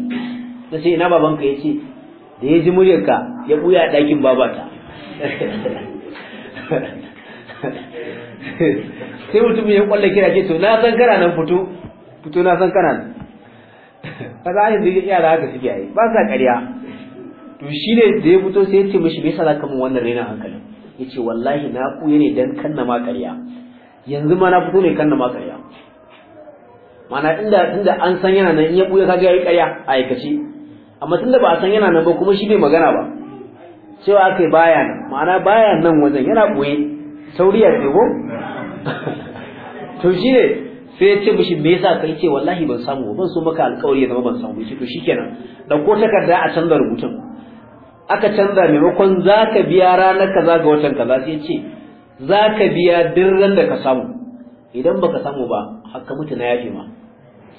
na sai ina babanka ya ce da ya ji muryarka ya ɓuya a ɗakin babata sai mutum ya kwallo kira ce to na san kana nan fito fito na san kana nan kaza an yanzu yara haka suke yi ba sa ƙarya to ne da ya fito sai ya ce mishi bai sa zaka min wannan hankali. hankalin ce wallahi na ku ne dan kanna ma ƙarya yanzu ma na fito ne kanna ma ƙarya mana inda inda an san yana nan in ya buya kaga yayi ƙarya a aikace amma tunda ba a san yana nan ba kuma shi bai magana ba cewa akai baya nan ma'ana baya nan wajen yana buye sauriya ce ko to shine sai ya ce mishi me yasa kai ce wallahi ban samu ban so maka alƙawari ya zama ban samu shi to shikenan dan ko takarda a canza rubutun aka canza maimakon zaka biya ranar kaza ga watan kaza sai ya ce zaka biya ran da ka samu idan baka samu ba haka mutu na yafi ma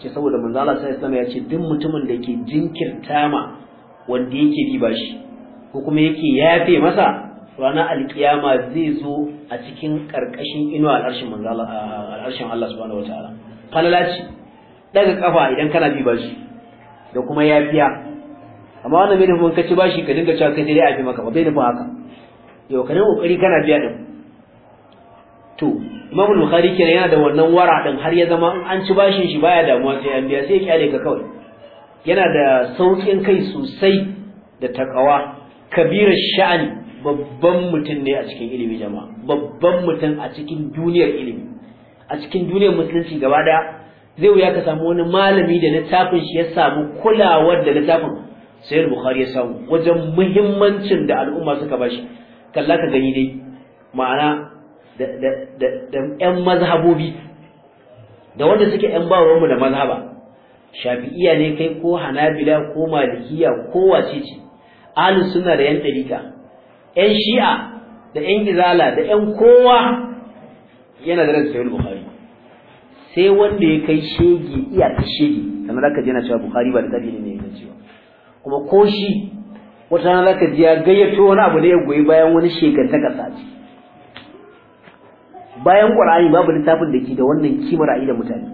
ce saboda manzo Allah sai ya ce duk mutumin da ke jinkirta ma wanda yake bi bashi ko kuma yake yafe masa ranar alkiyama zai zo a cikin karkashin inuwa al'arshin Allah subhanahu wataala falala ce daga kafa idan kana bi bashi da kuma yafiya amma wannan bai nufin ka ci bashi ka dinga cewa kai dai a bi maka ba bai nufin haka yau ka dinga kokari kana biya din to Imam Bukhari kenan yana da wannan wara din har ya zama an ci bashin shi baya damuwa sai an biya sai ya kyale ka kawai yana da saukin kai sosai da takawa kabirar sha'ani babban mutum ne a cikin ilimi jama'a babban mutum a cikin duniyar ilimi a cikin duniyar musulunci gaba daya zai wuya ka samu wani malami da littafin shi ya samu kulawar da littafin sayar bukhari ya samu wajen muhimmancin da al'umma suka bashi kalla ka gani dai ma'ana da yan mazhabobi da wanda suke yan bawarmu da mazhaba shafi'iya ne kai ko hanabila ko malikiya ko wacece ahlus suna da yan dariƙa yan shi'a da yan izala da yan kowa yana da ransa yawon bukhari sai wanda ya kai shege iya ta shege sannan zaka ji cewa bukhari ba da dalili ne yana cewa kuma ko shi wata rana zaka ji ya gayyato wani abu da ya goyi bayan wani ta kasa ce bayan ƙwararri babu littafin da ke da wannan kimar a'ida mutane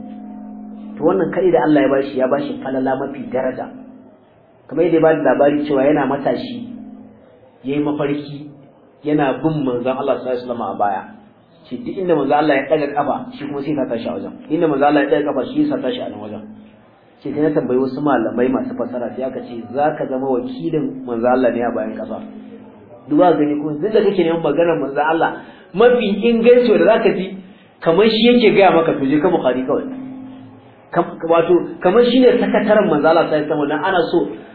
to wannan kaɗi da Allah ya bashi ya bashi falala mafi daraja kamar yadda ya ba da labari cewa yana matashi yayi mafarki yana bin manzon Allah sallallahu alaihi wasallam a baya shi duk inda manzon Allah ya daga kafa shi kuma sai ka tashi a wajen inda manzon Allah ya daga kafa shi sai tashi a nan wajen shi sai na tambayi wasu malamai masu fasara sai aka ce ka zama wakilin manzon Allah ne a bayan duk duba gani ko duk da kake neman maganar manzon Allah mafi inganci da zaka ji kamar shi yake gaya maka to je ka Bukhari kawai wato kamar ne sakataren manzon Allah sallallahu alaihi wasallam ana so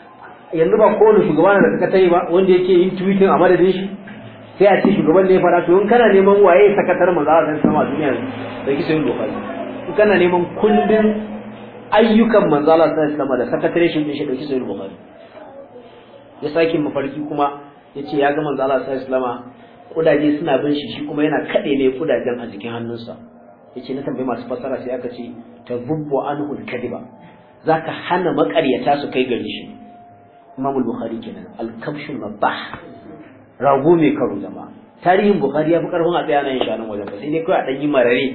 yanzu ba kowane shugaba na da sakatare ba wanda yake yin tweeting a madadin shi sai a ce shugaban ne ya fara to in kana neman waye sakatar manzo Allah sallallahu sama a duniya da kisa yin dokar in kana neman kundin ayyukan manzo Allah sallallahu sama da sakatare shi ne shi da kisa yin dokar ya sake mafarki kuma yace ya ga manzo Allah sallallahu sama kudaje suna bin shi shi kuma yana kade ne kudajen a jikin hannunsa yace na tambayi masu fassara sai aka ce tazubbu anhu al za zaka hana makaryata su kai gari shi Imam al-Bukhari kenan al-kabshul mabah rago mai karo zama tarihin Bukhari ya fi karfin a tsaya insha Allah wajen sai dai kawai a dan marare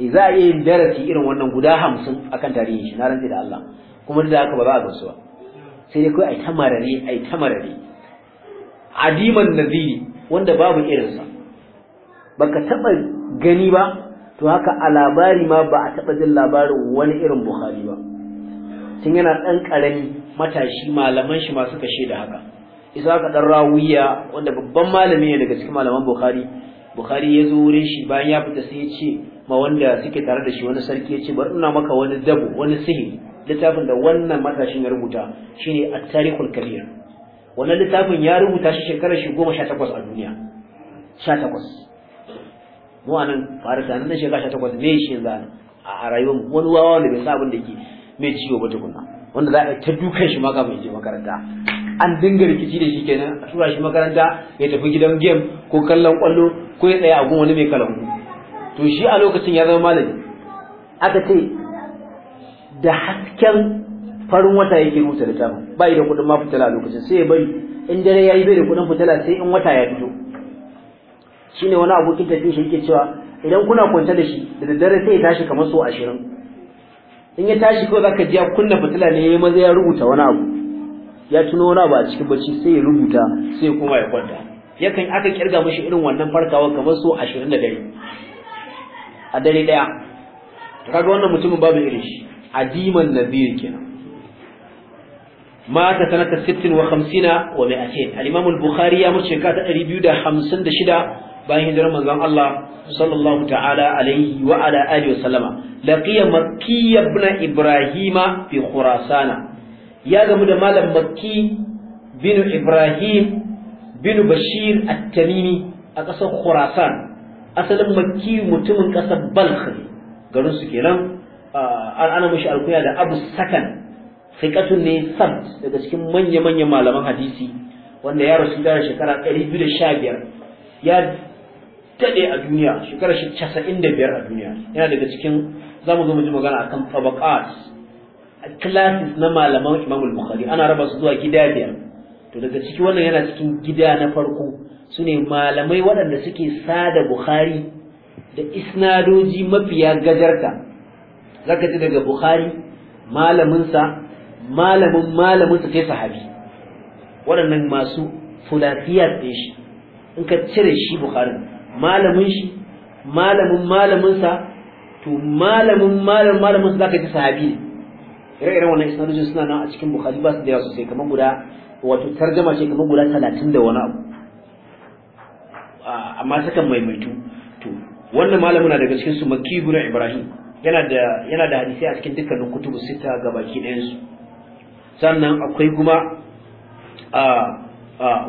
eh, za a iya darasi irin wannan guda hamsin akan tarihin shi na rantsi da Allah kuma duk da haka ba za a gamsu ba sai dai kawai a ta marare a ta marare adiman naziri wanda babu irinsa baka taba gani ba to haka a labari ma ba a taba jin labarin wani irin Bukhari ba tun yana dan karami matashi malaman shi ma suka shaida haka isa ka dan rawiya wanda babban malami ne daga cikin malaman bukhari bukhari ya zo wurin shi bayan ya fita sai ya ce ma wanda suke tare da shi wani sarki ya ce bari ina maka wani dabo wani sihiri littafin da wannan matashin ya rubuta shine at-tarikhul kabir wannan littafin ya rubuta shi shekarar shi 18 a duniya 18 mu anan farisa nan shekara 18 me shi yanzu a rayuwar wani wawa ne bai sa abin da ke mai ciwo ba tukunna wanda za a ta dukan shi ma mai je makaranta an dinga rikici da shi kenan a tura shi makaranta ya tafi gidan game ko kallon kwallo ko ya tsaya a gun wani mai kalangu to shi a lokacin ya zama malami aka ce da hasken farin wata yake rubuta littafin bai da kuɗin ma fitila a lokacin sai ya bari in dare ya yi bai da kuɗin fitila sai in wata ya fito shine wani abokin tafiya shi yake cewa idan kuna kwanta da shi da daddare sai ya tashi kamar so ashirin in ya tashi kawai zaka ji ya kunna fitila ne ya maza ya rubuta wani abu ya tuno wani abu a cikin bacci sai ya rubuta sai ya ya kwanta yakan aka kirga mishi irin wannan farkawa kamar so 20 da dare a dare daya kaga wannan mutumin babu irin shi adiman nadir kenan mata sanata 56 wa 200 al-imam al-bukhari ya mace ka ta 256 bayan hijirar manzon Allah sallallahu ta'ala alaihi wa ala alihi wa sallama laqiya makki ibn ibrahima fi khurasana ya gamu da malam makki bin ibrahim bin bashir at-tamimi a ƙasar khurasan asalin makki mutumin ƙasar balkh garin su kenan an ana mushi alkuya da abu sakan fiqatun ne sabt daga cikin manya-manyan malaman hadisi wanda ya rasu da shekara 215 ya daɗe a duniya shekarar shi casa'in biyar a duniya yana daga cikin za mu zo mu ji magana akan tabaqat classes na malaman imamul bukhari ana raba su zuwa gida biyar to daga ciki wannan yana cikin gida na farko su ne malamai waɗanda suke sada bukhari da isnadoji mafiya gajarta zaka ji daga bukhari malaminsa malamin malaminsa sai sahabi waɗannan masu fulafiyar ɗin in ka cire shi bukharin malamin shi malamin malaminsa to malamin malamin malaminsa za ka yi ta sahabi ne ire-iren wannan isnadojin suna nan a cikin bukhari ba su da yawa sosai kamar guda wato tarjama ce kamar guda talatin da wani abu amma sakan maimaitu to wannan malamin na daga cikin su makki ibn ibrahim yana da yana da hadisi a cikin dukkanin kutubu sita baki ɗayan su sannan akwai kuma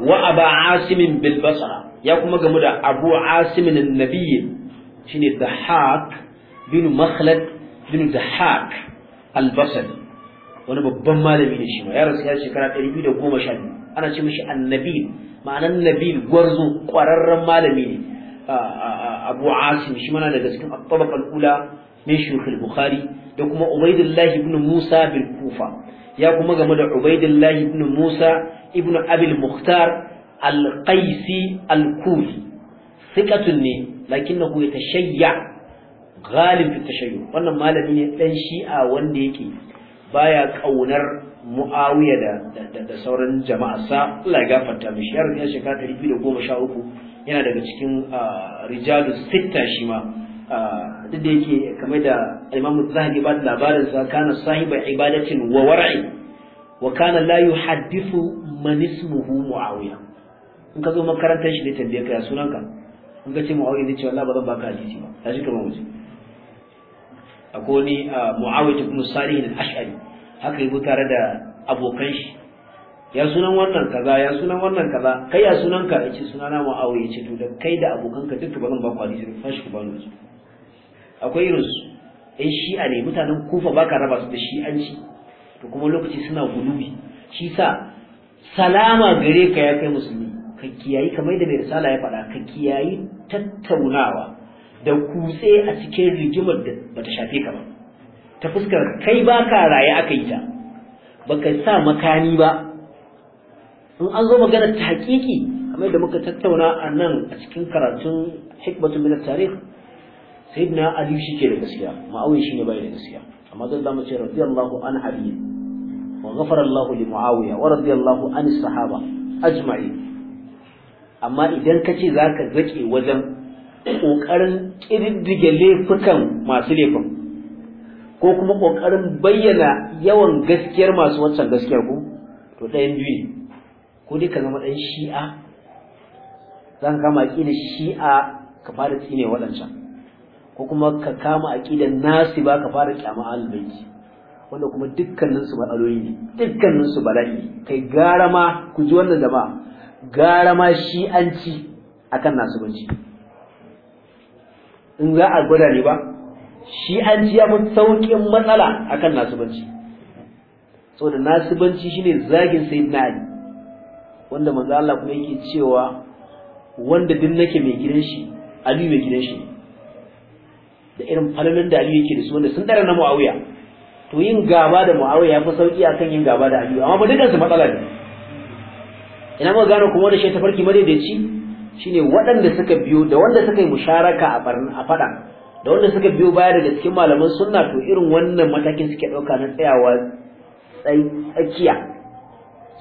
wa aba asimin bil basara ya kuma gamu da abu asimin annabi shine dahak bin makhlad bin dahak albasari wani babban malami ne shi ma ya rasu ya shekara 212 ana ce mishi annabi ma'anan nabi gwarzo ƙwararren malami ne abu asim shi mana daga cikin tabaqal ula min shuyukh bukhari da kuma ubaidullah ibn musa bil kufa ya kuma gamu da ubaidullah ibn musa ibn abil mukhtar al-qaisi ne, kufi na ne ta shayya, ghalib fi tashayyu wannan malami ne dan shi'a wanda yake baya ƙaunar muawiya da da sauran jama'a sa Allah ya gafarta mishi ya rubuta shekara uku. yana daga cikin ah, rijalu sitta shi ma ah, duk da yake kamar da imamu Zahabi ba labarin sa kana sahiba ibadatin wa war'i wa kana la yuhaddithu man ismuhu muawiya in ka zo makarantar shi ne tambaye ka ya sunanka in ka ce aure zai ce wallahi ba zan baka hadisi ba ya shi kamar wuce akwai wani mu'awiya kuma salih al-ash'ari haka yi tare da abokan shi ya sunan wannan kaza ya sunan wannan kaza kai ya sunan ka yace sunana ya yace to da kai da abokan ka duka ba zan baka hadisi ba fashi ku bani su akwai irin su ɗan shi'a ne mutanen kufa baka raba su da shi'anci to kuma lokaci suna gulubi shi sa salama gare ka ya kai musulmi ka kiyayi kamar da mai risala ya faɗa ka kiyayi tattaunawa da kutse a cikin rigimar da bata shafe ka ba ta fuskar kai ba ka raye aka yi ta ba baka sa makani ba in an zo magana ta hakiki kamar da muka tattauna a nan a cikin karatun hikmatun minar tarih sayyidina ali shi ke da gaskiya ma'awai shi ne bai da gaskiya amma zan zama ce radiyallahu an ali wa ghafara allah li muawiya wa radiyallahu an sahaba ajma'i. amma idan ka ce za ka zaƙe wajen ƙoƙarin ƙididdige laifukan masu laifin ko kuma ƙoƙarin bayyana yawan gaskiyar masu waccan gaskiyar ku to ɗayan biyu ko dai ka zama ɗan shi'a za ka kama aƙidar shi'a ka fara tsine waɗancan ko kuma ka kama aƙidar nasi ba ka fara ƙyama albaiki wanda kuma dukkaninsu matsaloli ne dukkaninsu bala'i kai gara ma ku ji wannan jama'a gara ma shi an ci a nasu nasibanci in za a gwada ne ba shi an ci ya fi sauƙin matsala a akan nasibanci saboda nasibanci ne zagin na ali wanda manzo Allah kuma yake cewa wanda duk nake mai gidan shi Aliyu mai gidan shi da irin falalin da ali yake da su wanda sun dara na muawiya to yin gaba da muawiya ya fi sauki akan yin gaba da Aliyu, amma ba dukansu matsala ne ina muka gano kuma da shi tafarki madaidaici shine waɗanda suka biyo da wanda suka yi musharaka a faɗa. a fada da wanda suka biyo baya daga cikin malaman sunna to irin wannan matakin suke dauka na tsayawa tsakiya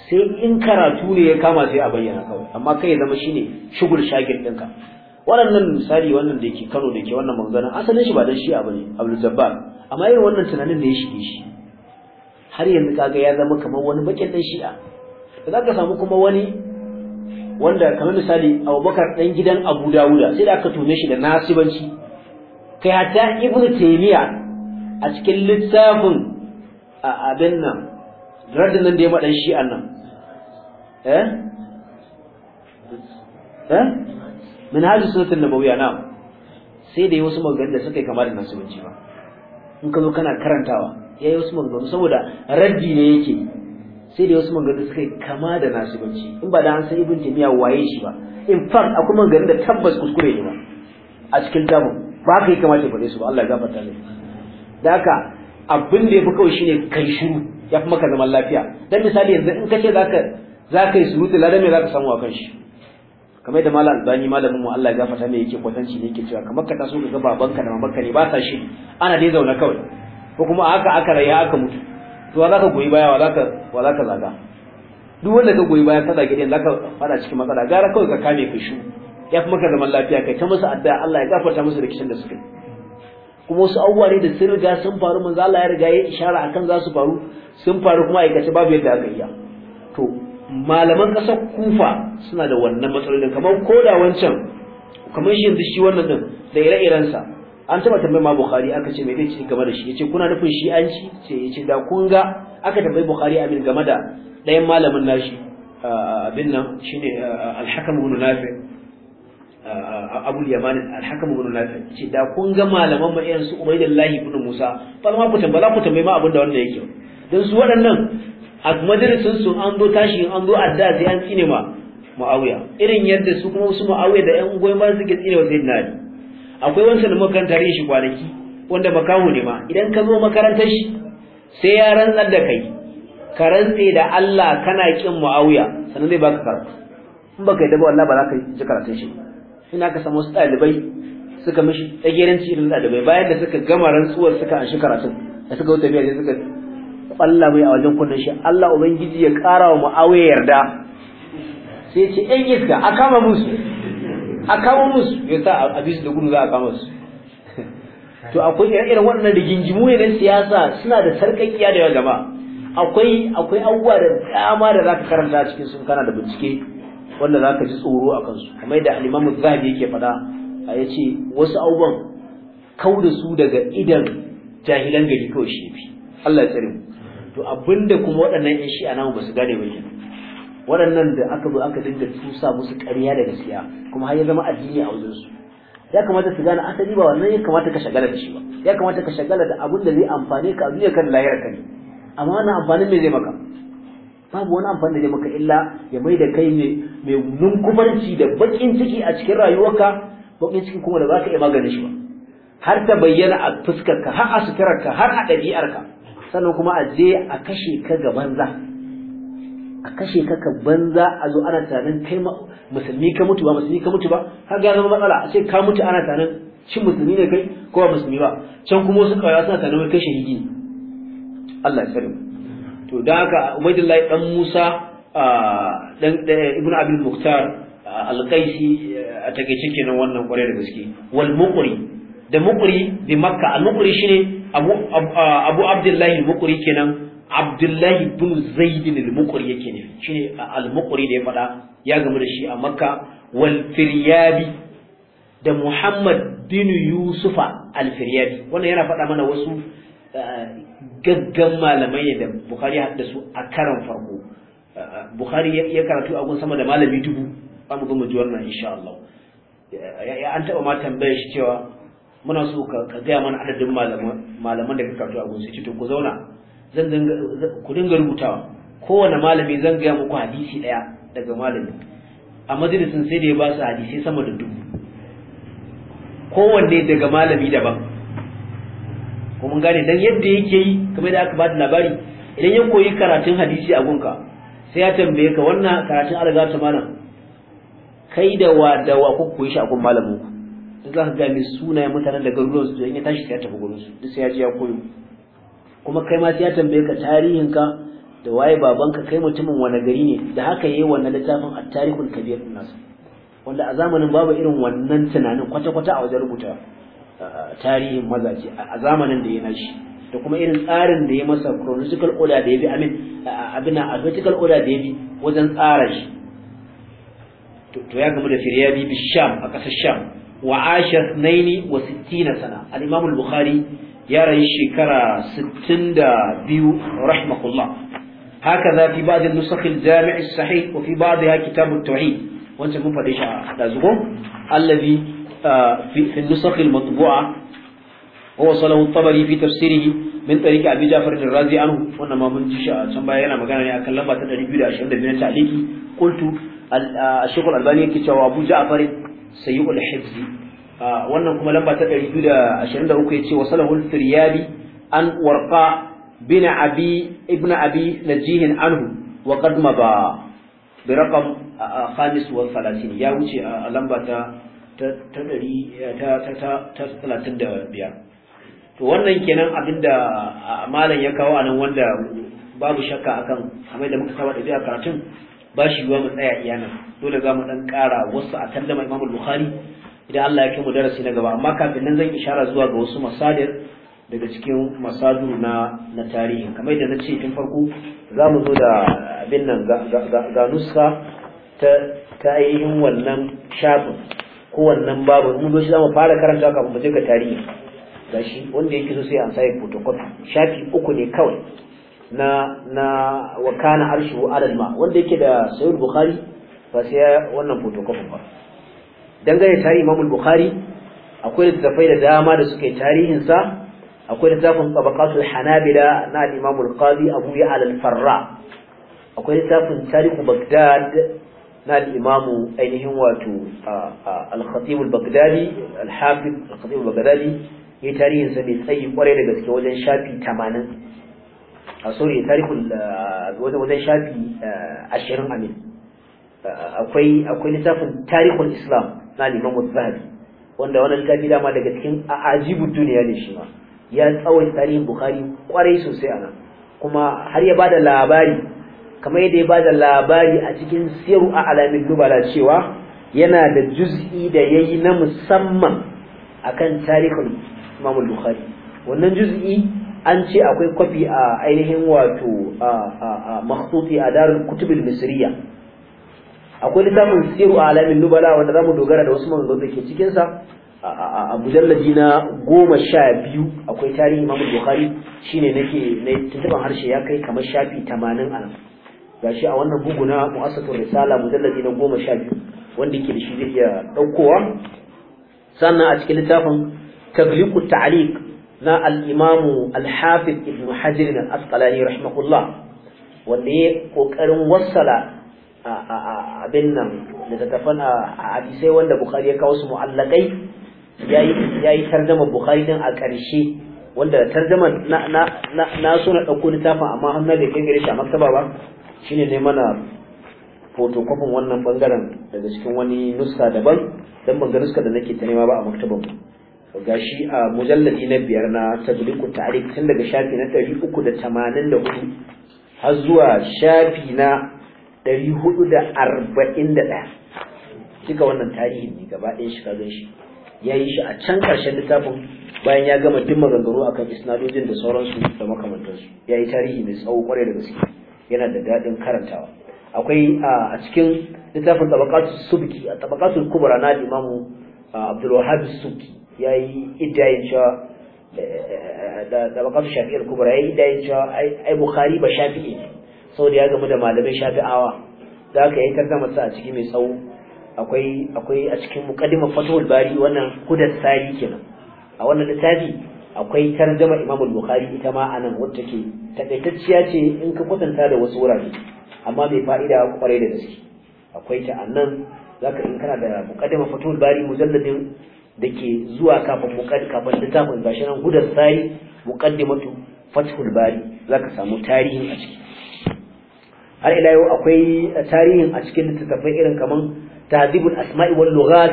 sai in karatu ne ya kama sai a bayyana kawai amma kai ya zama shine shugul shagir ɗinka waɗannan misali wannan da yake Kano da ke wannan maganganun asalin shi ba dan shi abu ne Abdul Jabbar amma irin wannan tunanin da ya shige shi har yanzu kaga ya zama kamar wani bakin dan shi'a da za ka samu kuma wani wanda kamar misali abubakar ɗan gidan abu dawuda sai da aka tume shi da nasibanci kai hatta ibn taymiya a cikin littafin a abin nan radin nan da ya maɗan shi nan eh eh min hajji sunatun bauya na sai da yi wasu maganganu da suka yi kama da nasibanci ba in ka zo kana karantawa ya yi wasu maganganu saboda raddi ne yake sai da wasu mangari suka yi kama da nasibanci in ba da an san ibn miya waye shi ba in fact akwai mangarin da tabbas kuskure ne ba a cikin tabun ba ka yi kamata ba su ba Allah ya gafarta ne da haka abin da ya fi kawai shine kai shiru ya fi maka zaman lafiya dan misali yanzu in ka ce zaka zaka yi surutu ladan me zaka samu a kan shi kamar da malam albani malamin mu Allah ya gafarta ne yake kwatanci ne yake cewa kamar ka taso ga babanka da mamanka ne ba sa shi ana dai zauna kawai ko kuma aka aka rayya aka mutu to za ka goyi baya wa za ka zaga duk wanda ka goyi baya ka zage din za ka cikin matsala gara kawai ka kame ka shu ya fi maka zaman lafiya kai ta musu addu'a Allah ya gafarta musu rikicin da suka yi kuma wasu abubuwa ne da sun riga sun faru manzo Allah ya riga ya ishara akan za su faru sun faru kuma aikace babu yadda aka iya to malaman ƙasar kufa suna da wannan matsalolin kamar koda wancan kamar shi yanzu shi wannan din da ire-irensa an taba tambayar ma bukhari aka ce me zai ci game da shi yace kuna nufin shi an ci ce yace da kun ga aka tambayi bukhari amin game da ɗayan malamin nashi abin nan shine al-hakam ibn nafi abul yaman al-hakam ibn nafi ce da kun ga malaman ma irin su ubaydullah ibn musa fa ma ku tambaya ku tambayi ma abin da wannan yake dan su waɗannan a madrasar su an zo tashi an zo adda sai an tsine ma muawiya irin yadda su kuma su muawiya da yan goyon ba suke tsine wa sayyidina akwai wansa da muka tarihi shi kwanaki wanda makaho ne ma idan ka zo makarantar shi sai ya rantsar da kai ka rantse da Allah kana kin Muawiya sannan zai baka karatu in baka yi ba wallahi ba za ka ji karatun shi ina aka samu wasu ɗalibai suka mishi tsageranci irin ɗalibai bayan da suka gama rantsuwar suka shi karatun da suka wuce biya suka kwalla mai a wajen kunnan shi Allah ubangiji ya ƙara wa Muawiya yarda sai ce ɗan iska a kama musu a kama musu ya sa a da gudu za a kama su to akwai irin waɗannan da gingimu ne na siyasa suna da sarƙaƙiya da yawa jama'a akwai akwai abubuwa da dama da zaka karanta cikin sun kana da bincike wanda zaka ji tsoro a kansu kamar da al-Imam Zahabi yake faɗa a yace wasu abubuwan kau da su daga idan jahilan gari kawai shi fi Allah ya tsare mu to abinda kuma waɗannan yan shi'a namu ba su gane ba kenan waɗannan da aka zo aka dinga tusa musu ƙarya da gaskiya kuma har ya zama addini a wajen su ya kamata su gane asali ba wannan ya kamata ka shagala da shi ba ya kamata ka shagala da abin da zai amfane ka a kan layar ka ne amma wannan amfanin me zai maka babu wani amfani da zai maka illa ya mai da kai mai nunkubanci da baƙin ciki a cikin rayuwarka baƙin ciki kuma da za ka iya maganin shi ba har ta bayyana a fuskarka har a suturarka har a ɗabi'arka sannan kuma a je a kashe ka ga banza a kashe ka ka banza a zo ana tunanin kai musulmi ka mutu ba musulmi ka mutu ba har ga zama matsala a ce ka mutu ana tunanin shin musulmi ne kai ko ba musulmi ba can kuma wasu kawai suna tunanin wai kai shahidi Allah ya sani to dan haka Ubaidullahi dan Musa dan Ibn Abi Mukhtar al-Qaisi a takeice kenan wannan kware da gaske wal muqri da muqri bi Makka al muqri shine Abu Abdullahi al muqri kenan abdullahi bin zaidin al-muqri yake shi shine al-muqri da ya faɗa ya gamu da shi a makka wal firyabi da muhammad bin yusufa al-firyabi wannan yana faɗa mana wasu gaggan malamai ne da bukhari ya su a karan farko bukhari ya karatu a sama da malami dubu ba mu gama ji wannan insha Allah an taɓa ma tambayar shi cewa muna so ka gaya mana adadin malaman da ka karatu a gun sai ce to ku zauna zan ku dinga rubutawa kowane malami zan gaya muku hadisi ɗaya daga malami a majalisin sai da ya ba su hadisi sama da dubu kowanne daga malami daban kuma gane dan yadda yake yi kamar da aka ba da labari idan ya koyi karatun hadisi a gunka sai ya tambaye ka wannan karatun alaga ta malam kai da wa da wa ku koyi shi a gun malamin ku za ka ga mai sunayen mutanen da garuruwansu don ya tashi sai ya tafi gurinsu duk sai ya ji ya koyo kuma kai ma ya tambaye ka tarihin ka da waye babanka kai mutumin wani gari ne da haka yayi wannan littafin at-tarikhul kabir nasu wanda a zamanin babu irin wannan tunanin kwata-kwata a wajen rubuta ah, tarihin mazaji a zamanin da ya nashi da kuma irin tsarin da ya masa chronological order da ya bi amin abin alphabetical order da ya bi wajen tsara shi to ya gamu da firiya bi sham a ƙasar sham wa ashar naini wa sittina sana al-imam al-bukhari ya shekara 62 rahmatullah haka za fi ba'd an-nusakh al-jami' as-sahih wa fi ba'dha kitab at-tauhid wancan mun fade shi da dazugo allazi fi an-nusakh al-matbu'a huwa salahu at-tabari fi tafsirihi min tariq abi ja'far ar-razi anhu wannan ma mun ji shi can baya yana magana ne akan lamba ta 222 ta'liqi qultu الشيخ الألباني كتاب أبو جعفر سيء الحفظ Ah, wannan kuma lamba ta 223 yace wa salahul firyabi an warqa bin abi ibn abi najih anhu wa qad maba bi raqam 35 ya wuce a lamba ta ta ta eh, to wannan kenan abinda malam ya kawo anan wanda babu shakka akan kamar da muka saba da biya karatun ba shi yiwa mu tsaya iyana dole za mu dan ƙara wasu a tallama Imam Bukhari idan Allah ya kimu mu darasi na gaba amma kafin nan zan ishara zuwa ga wasu masadir daga cikin masadu na na tarihi kamar yadda na ce tun farko za mu zo da abin nan ga nuska ta ta ainihin wannan shafin ko wannan babu mun doshi za mu fara karanta kafin mu je ga tarihi gashi wanda yake so sai an sai photocopy shafi uku ne kawai na na wakana arshu alal ma wanda yake da sayyid bukhari ba sai wannan photocopy ba dangane tarihi Imam Bukhari akwai littafai da dama da suke tarihin sa akwai littafin Tabaqatul Hanabila na Imam Al-Qadi Abu Ya'al Al-Farra akwai littafin Tarihu Baghdad na Imam ainihin wato Al-Khatib Al-Baghdadi Al-Hafiz Al-Khatib Al-Baghdadi ya tarihin sa mai tsayi kware da gaske wajen shafi 80 a sori tarihul wajen wajen shafi 20 amin akwai akwai littafin Tarihul Islam na limamu zahabi wanda wannan da dama daga cikin ajibu duniya ne shi ma ya tsawon tarihin Buhari kwarai sosai a nan kuma har ya bada labari kamar yadda ya bada labari a cikin siru a alamin dubala cewa yana da juz'i da ya yi na musamman akan tarihin imam bukhari wannan juz'i an ce akwai kwafi a ainihin wato a a a a darul kutubul misriya akwai littafin siru a alamin nubala wanda za mu dogara da wasu maganganu da ke cikinsa a mujallaji na goma sha biyu akwai tarihi imam bukhari shine nake na tuntuban harshe ya kai kamar shafi tamanin alam gashi a wannan bugu na mu'assatul risala mujallaji na goma sha biyu wanda ke da shi zai iya ɗaukowa sannan a cikin littafin tagliku ta'liq na al imamu al-hafiz ibn hajar al-asqalani rahimahullah wanda ya kokarin wassala a abin nan littattafan a hadisai wanda bukhari ya kawo su mu'allakai ya yi tarjamar bukhari din a ƙarshe wanda tarjaman na so na ɗauko littafin amma hannu da kai gare shi a maktaba ba shine ne mana fotokofin wannan bangaren daga cikin wani nuska daban don ban nuska da nake ta nema ba a maktaban ga shi a mujalladi na biyar na tabliku tarik tun daga shafi na 384 da tamanin har zuwa shafi na Dari hudu da arba'in da ɗaya duka wannan tarihin ne gaba ɗaya shi kagan shi ya yi shi a can ƙarshen littafin bayan ya gama duk maganganu kan isnadojin da sauransu da makamantansu ya yi tarihi mai tsawo ƙwarai da gaske yana da daɗin karantawa akwai a cikin littafin tabaqatul subki a tabaqatul kubra na limamu abdul wahhab subki yi idayin cewa eh, eh, eh, da Shafi'ar shafi'i kubra yi idayin cewa ai bukhari ba shafi'i saboda ya gamu da malamai shafi'awa da aka yi karta masu a ciki mai tsawo akwai a cikin muqaddimah fatul bari wannan kudat sari kenan a wannan littafi akwai tarjama Imam al-Bukhari ita ma anan wacce ke takaitacciya ce in ka kwatanta da wasu wurare amma mai fa'ida kwarai da gaske akwai ta anan zaka in kana da muqaddimah fatul bari mujalladin da zuwa kafin muƙad kafin littafin gashi nan hudar sai muqaddimatu fathul bari zaka samu tarihin a ciki har ila yau akwai tarihin a cikin littattafai irin kaman tahdibul asma'i wal lughat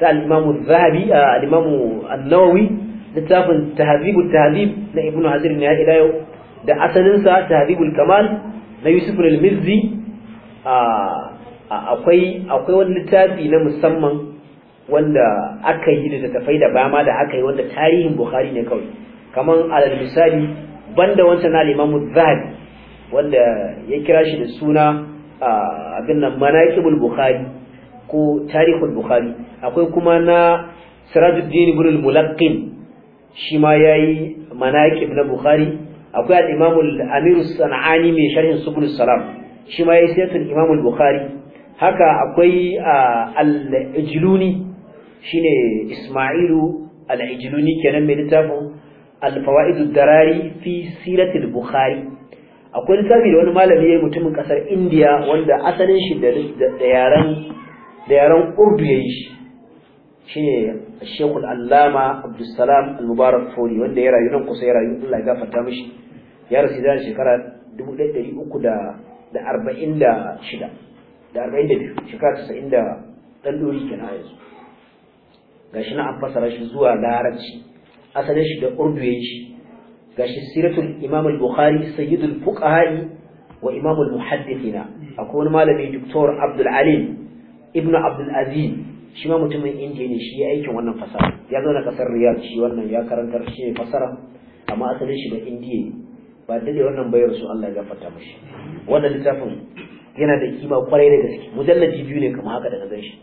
ta al-imam az-zahabi al-imam an-nawawi littafin tahdhibut tahdhib na ibn hazir ne ila yau da asalin sa tahdhibul kamal na yusuf al-mizzi akwai akwai wani littafi na musamman wanda aka yi da tafai da bama da aka yi wanda tarihin bukhari ne kawai kaman alal misali banda wancan na al-imam az-zahabi wanda ya kira shi da suna abin nan manaqibul bukhari ko tarihul bukhari akwai kuma na sirajuddin ibn al-mulaqqin shi ma yayi manaqib na bukhari akwai al-imam al-amir sanani mai sharhin subul salam shi ma yayi sirrin imam al-bukhari haka akwai al-ijluni shine isma'ilu al-ijluni kenan mai littafin al-fawaidud darari fi siratil bukhari akwai lissafi da wani malami ya yi mutumin kasar indiya wanda asalin shi da yaren da yaren urdu ya yi shi shine shekul allama abdussalam al-mubarak fori wanda ya rayu nan kusa ya rayu allah ya gafarta mishi ya rasu zai shekara 1346 da shekara 90 da dan dori kenan yanzu gashi na an fasara shi zuwa larabci asalin shi da urdu ya yi shi gashi siratul imam al-bukhari sayyidul fuqaha'i wa imam al-muhaddithina akwai wani malami doktor abdul alim ibn abdul aziz shi ma mutumin indiya ne shi ya aikin wannan fasara ya zauna kasar riyadh shi wannan ya karantar shi ne fasara amma asalin shi ba indiya ba dade wannan bayar su Allah ya gafarta mishi wannan littafin yana da kima kwarai da gaske mujallaji biyu ne kamar haka daga gan shi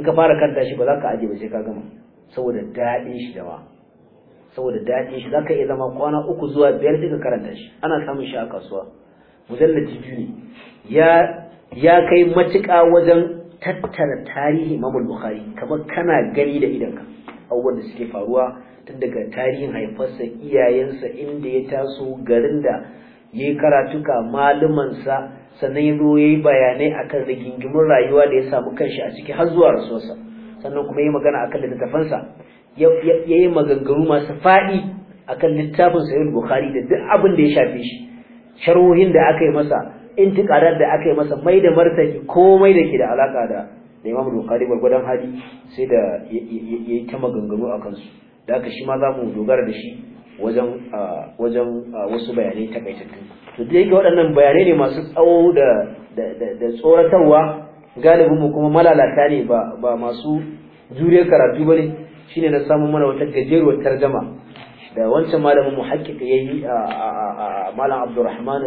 in ka fara karanta shi ba za ka aje ba sai ka gama saboda daɗin shi da wa saboda daɗin shi zaka iya zama kwana uku zuwa biyar sai karanta shi ana samun shi a kasuwa mujallaji biyu ne ya ya kai matuƙa wajen tattara tarihi Imam Bukhari kamar kana gani da idanka abubuwan da suke faruwa tun daga tarihin haifarsa iyayensa inda ya taso garin da ya yi karatuka malumansa sannan ya zo ya yi bayanai akan rigingimin rayuwa da ya samu kanshi a ciki har zuwa rasuwarsa sannan kuma ya yi magana akan littattafansa ya yi maganganu masu faɗi akan littafin sahih bukhari da duk abin da ya shafe shi sharhohin da aka yi masa intikarar da aka yi masa mai da martani komai da ke da alaka da da imam bukhari gwargwadon hali sai da ya yi ta maganganu a kansu da aka shi ma za mu dogara da shi wajen wajen wasu bayanai ta takaitattu to da yake waɗannan bayanai ne masu tsawo da tsoratarwa galibin mu kuma malalata ne ba masu juriyar karatu bane shine na samu mana wata gajeruwar tarjama da wancan malamin muhaqqiq yayi malam Abdulrahman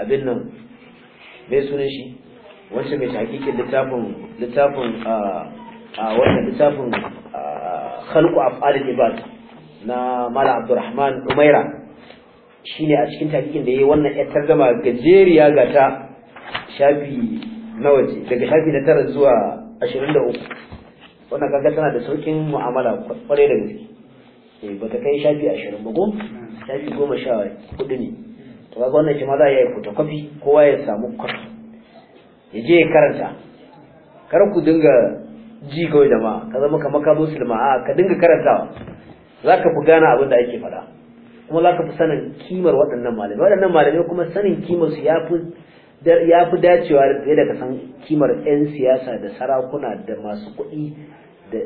abin nan bai sunan shi wancan mai hakikin littafin littafin wannan littafin khalqu af'al ibad na malam Abdulrahman Umaira shine a cikin tahqiqin da yayi wannan yar tarjama gajeriya ga ta shafi na daga shafi na tara zuwa 23 wannan kaga tana da saukin mu'amala kwarai da gaske eh ba ta kai shafi ashirin ba ko shafi goma sha hudu ne to kaga wannan shi ma za a yi photocopy kowa ya samu kwafi ya je ya karanta kar ku dinga ji kawai jama'a ka zama kamar ka zo silma a ka dinga karantawa za ka fi gane abin da ake faɗa kuma za ka fi sanin kimar waɗannan malamai waɗannan malamai kuma sanin kimar su ya fi ya fi dacewa da ka san kimar 'yan siyasa da sarakuna da masu kuɗi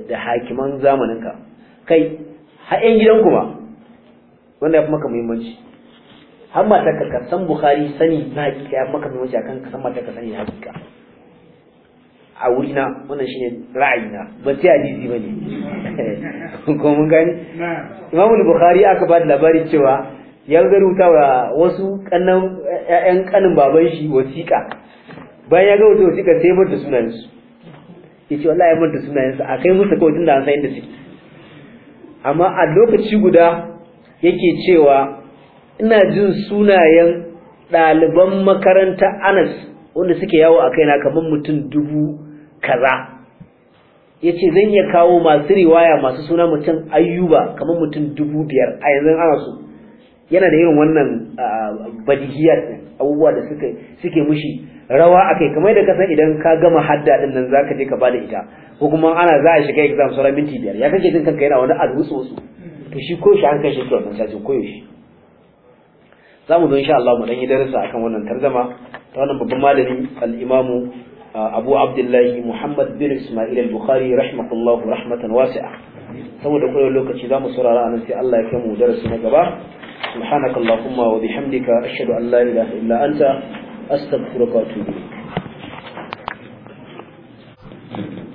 da hakiman zamaninka kai haɗin gidanku ma wanda ya fi maka muhimmanci har mata ka san bukhari sani na hakika ya fi maka muhimmanci akan ka san mata ka sani na hakika a wuri na wannan shine ra'ayina ba sai hadisi ba ne ko mun gani imamu bukhari aka ba da labari cewa ya garuta wa wasu kannan ƴaƴan kanin baban shi wasiƙa bayan ya ga wata wasiƙa sai bar da sunan su yace wallahi mun da sunayen sa akai musu kawai tunda an san inda suke amma a lokaci guda yake cewa ina jin sunayen ɗaliban makaranta Anas wanda suke yawo a kaina kamar mutum dubu kaza yace zan iya kawo masu riwaya masu suna mutum ayyuba kamar mutum dubu biyar a yanzu ana so yana da irin wannan ah, badihiyar abubuwa da suke mushi rawa akai kamar da kasan idan ka gama hadda din nan zaka je ka bada ita ko kuma ana za a shiga exam sauran minti biyar ya kake jin kanka yana wani alwusu wasu to shi ko shi an kai shi to nan sai ko shi za mu zo insha Allah mu dan yi darasa akan wannan tarjuma ta wannan babban malami al-imamu Abu Abdullahi Muhammad bin Ismail al-Bukhari rahimahullahu rahmatan wasi'a saboda koyon lokaci za mu saurara anan sai Allah ya kai mu darasi na gaba subhanakallahumma wa bihamdika ashhadu an la ilaha illa anta أستغفرك وأتوب إليك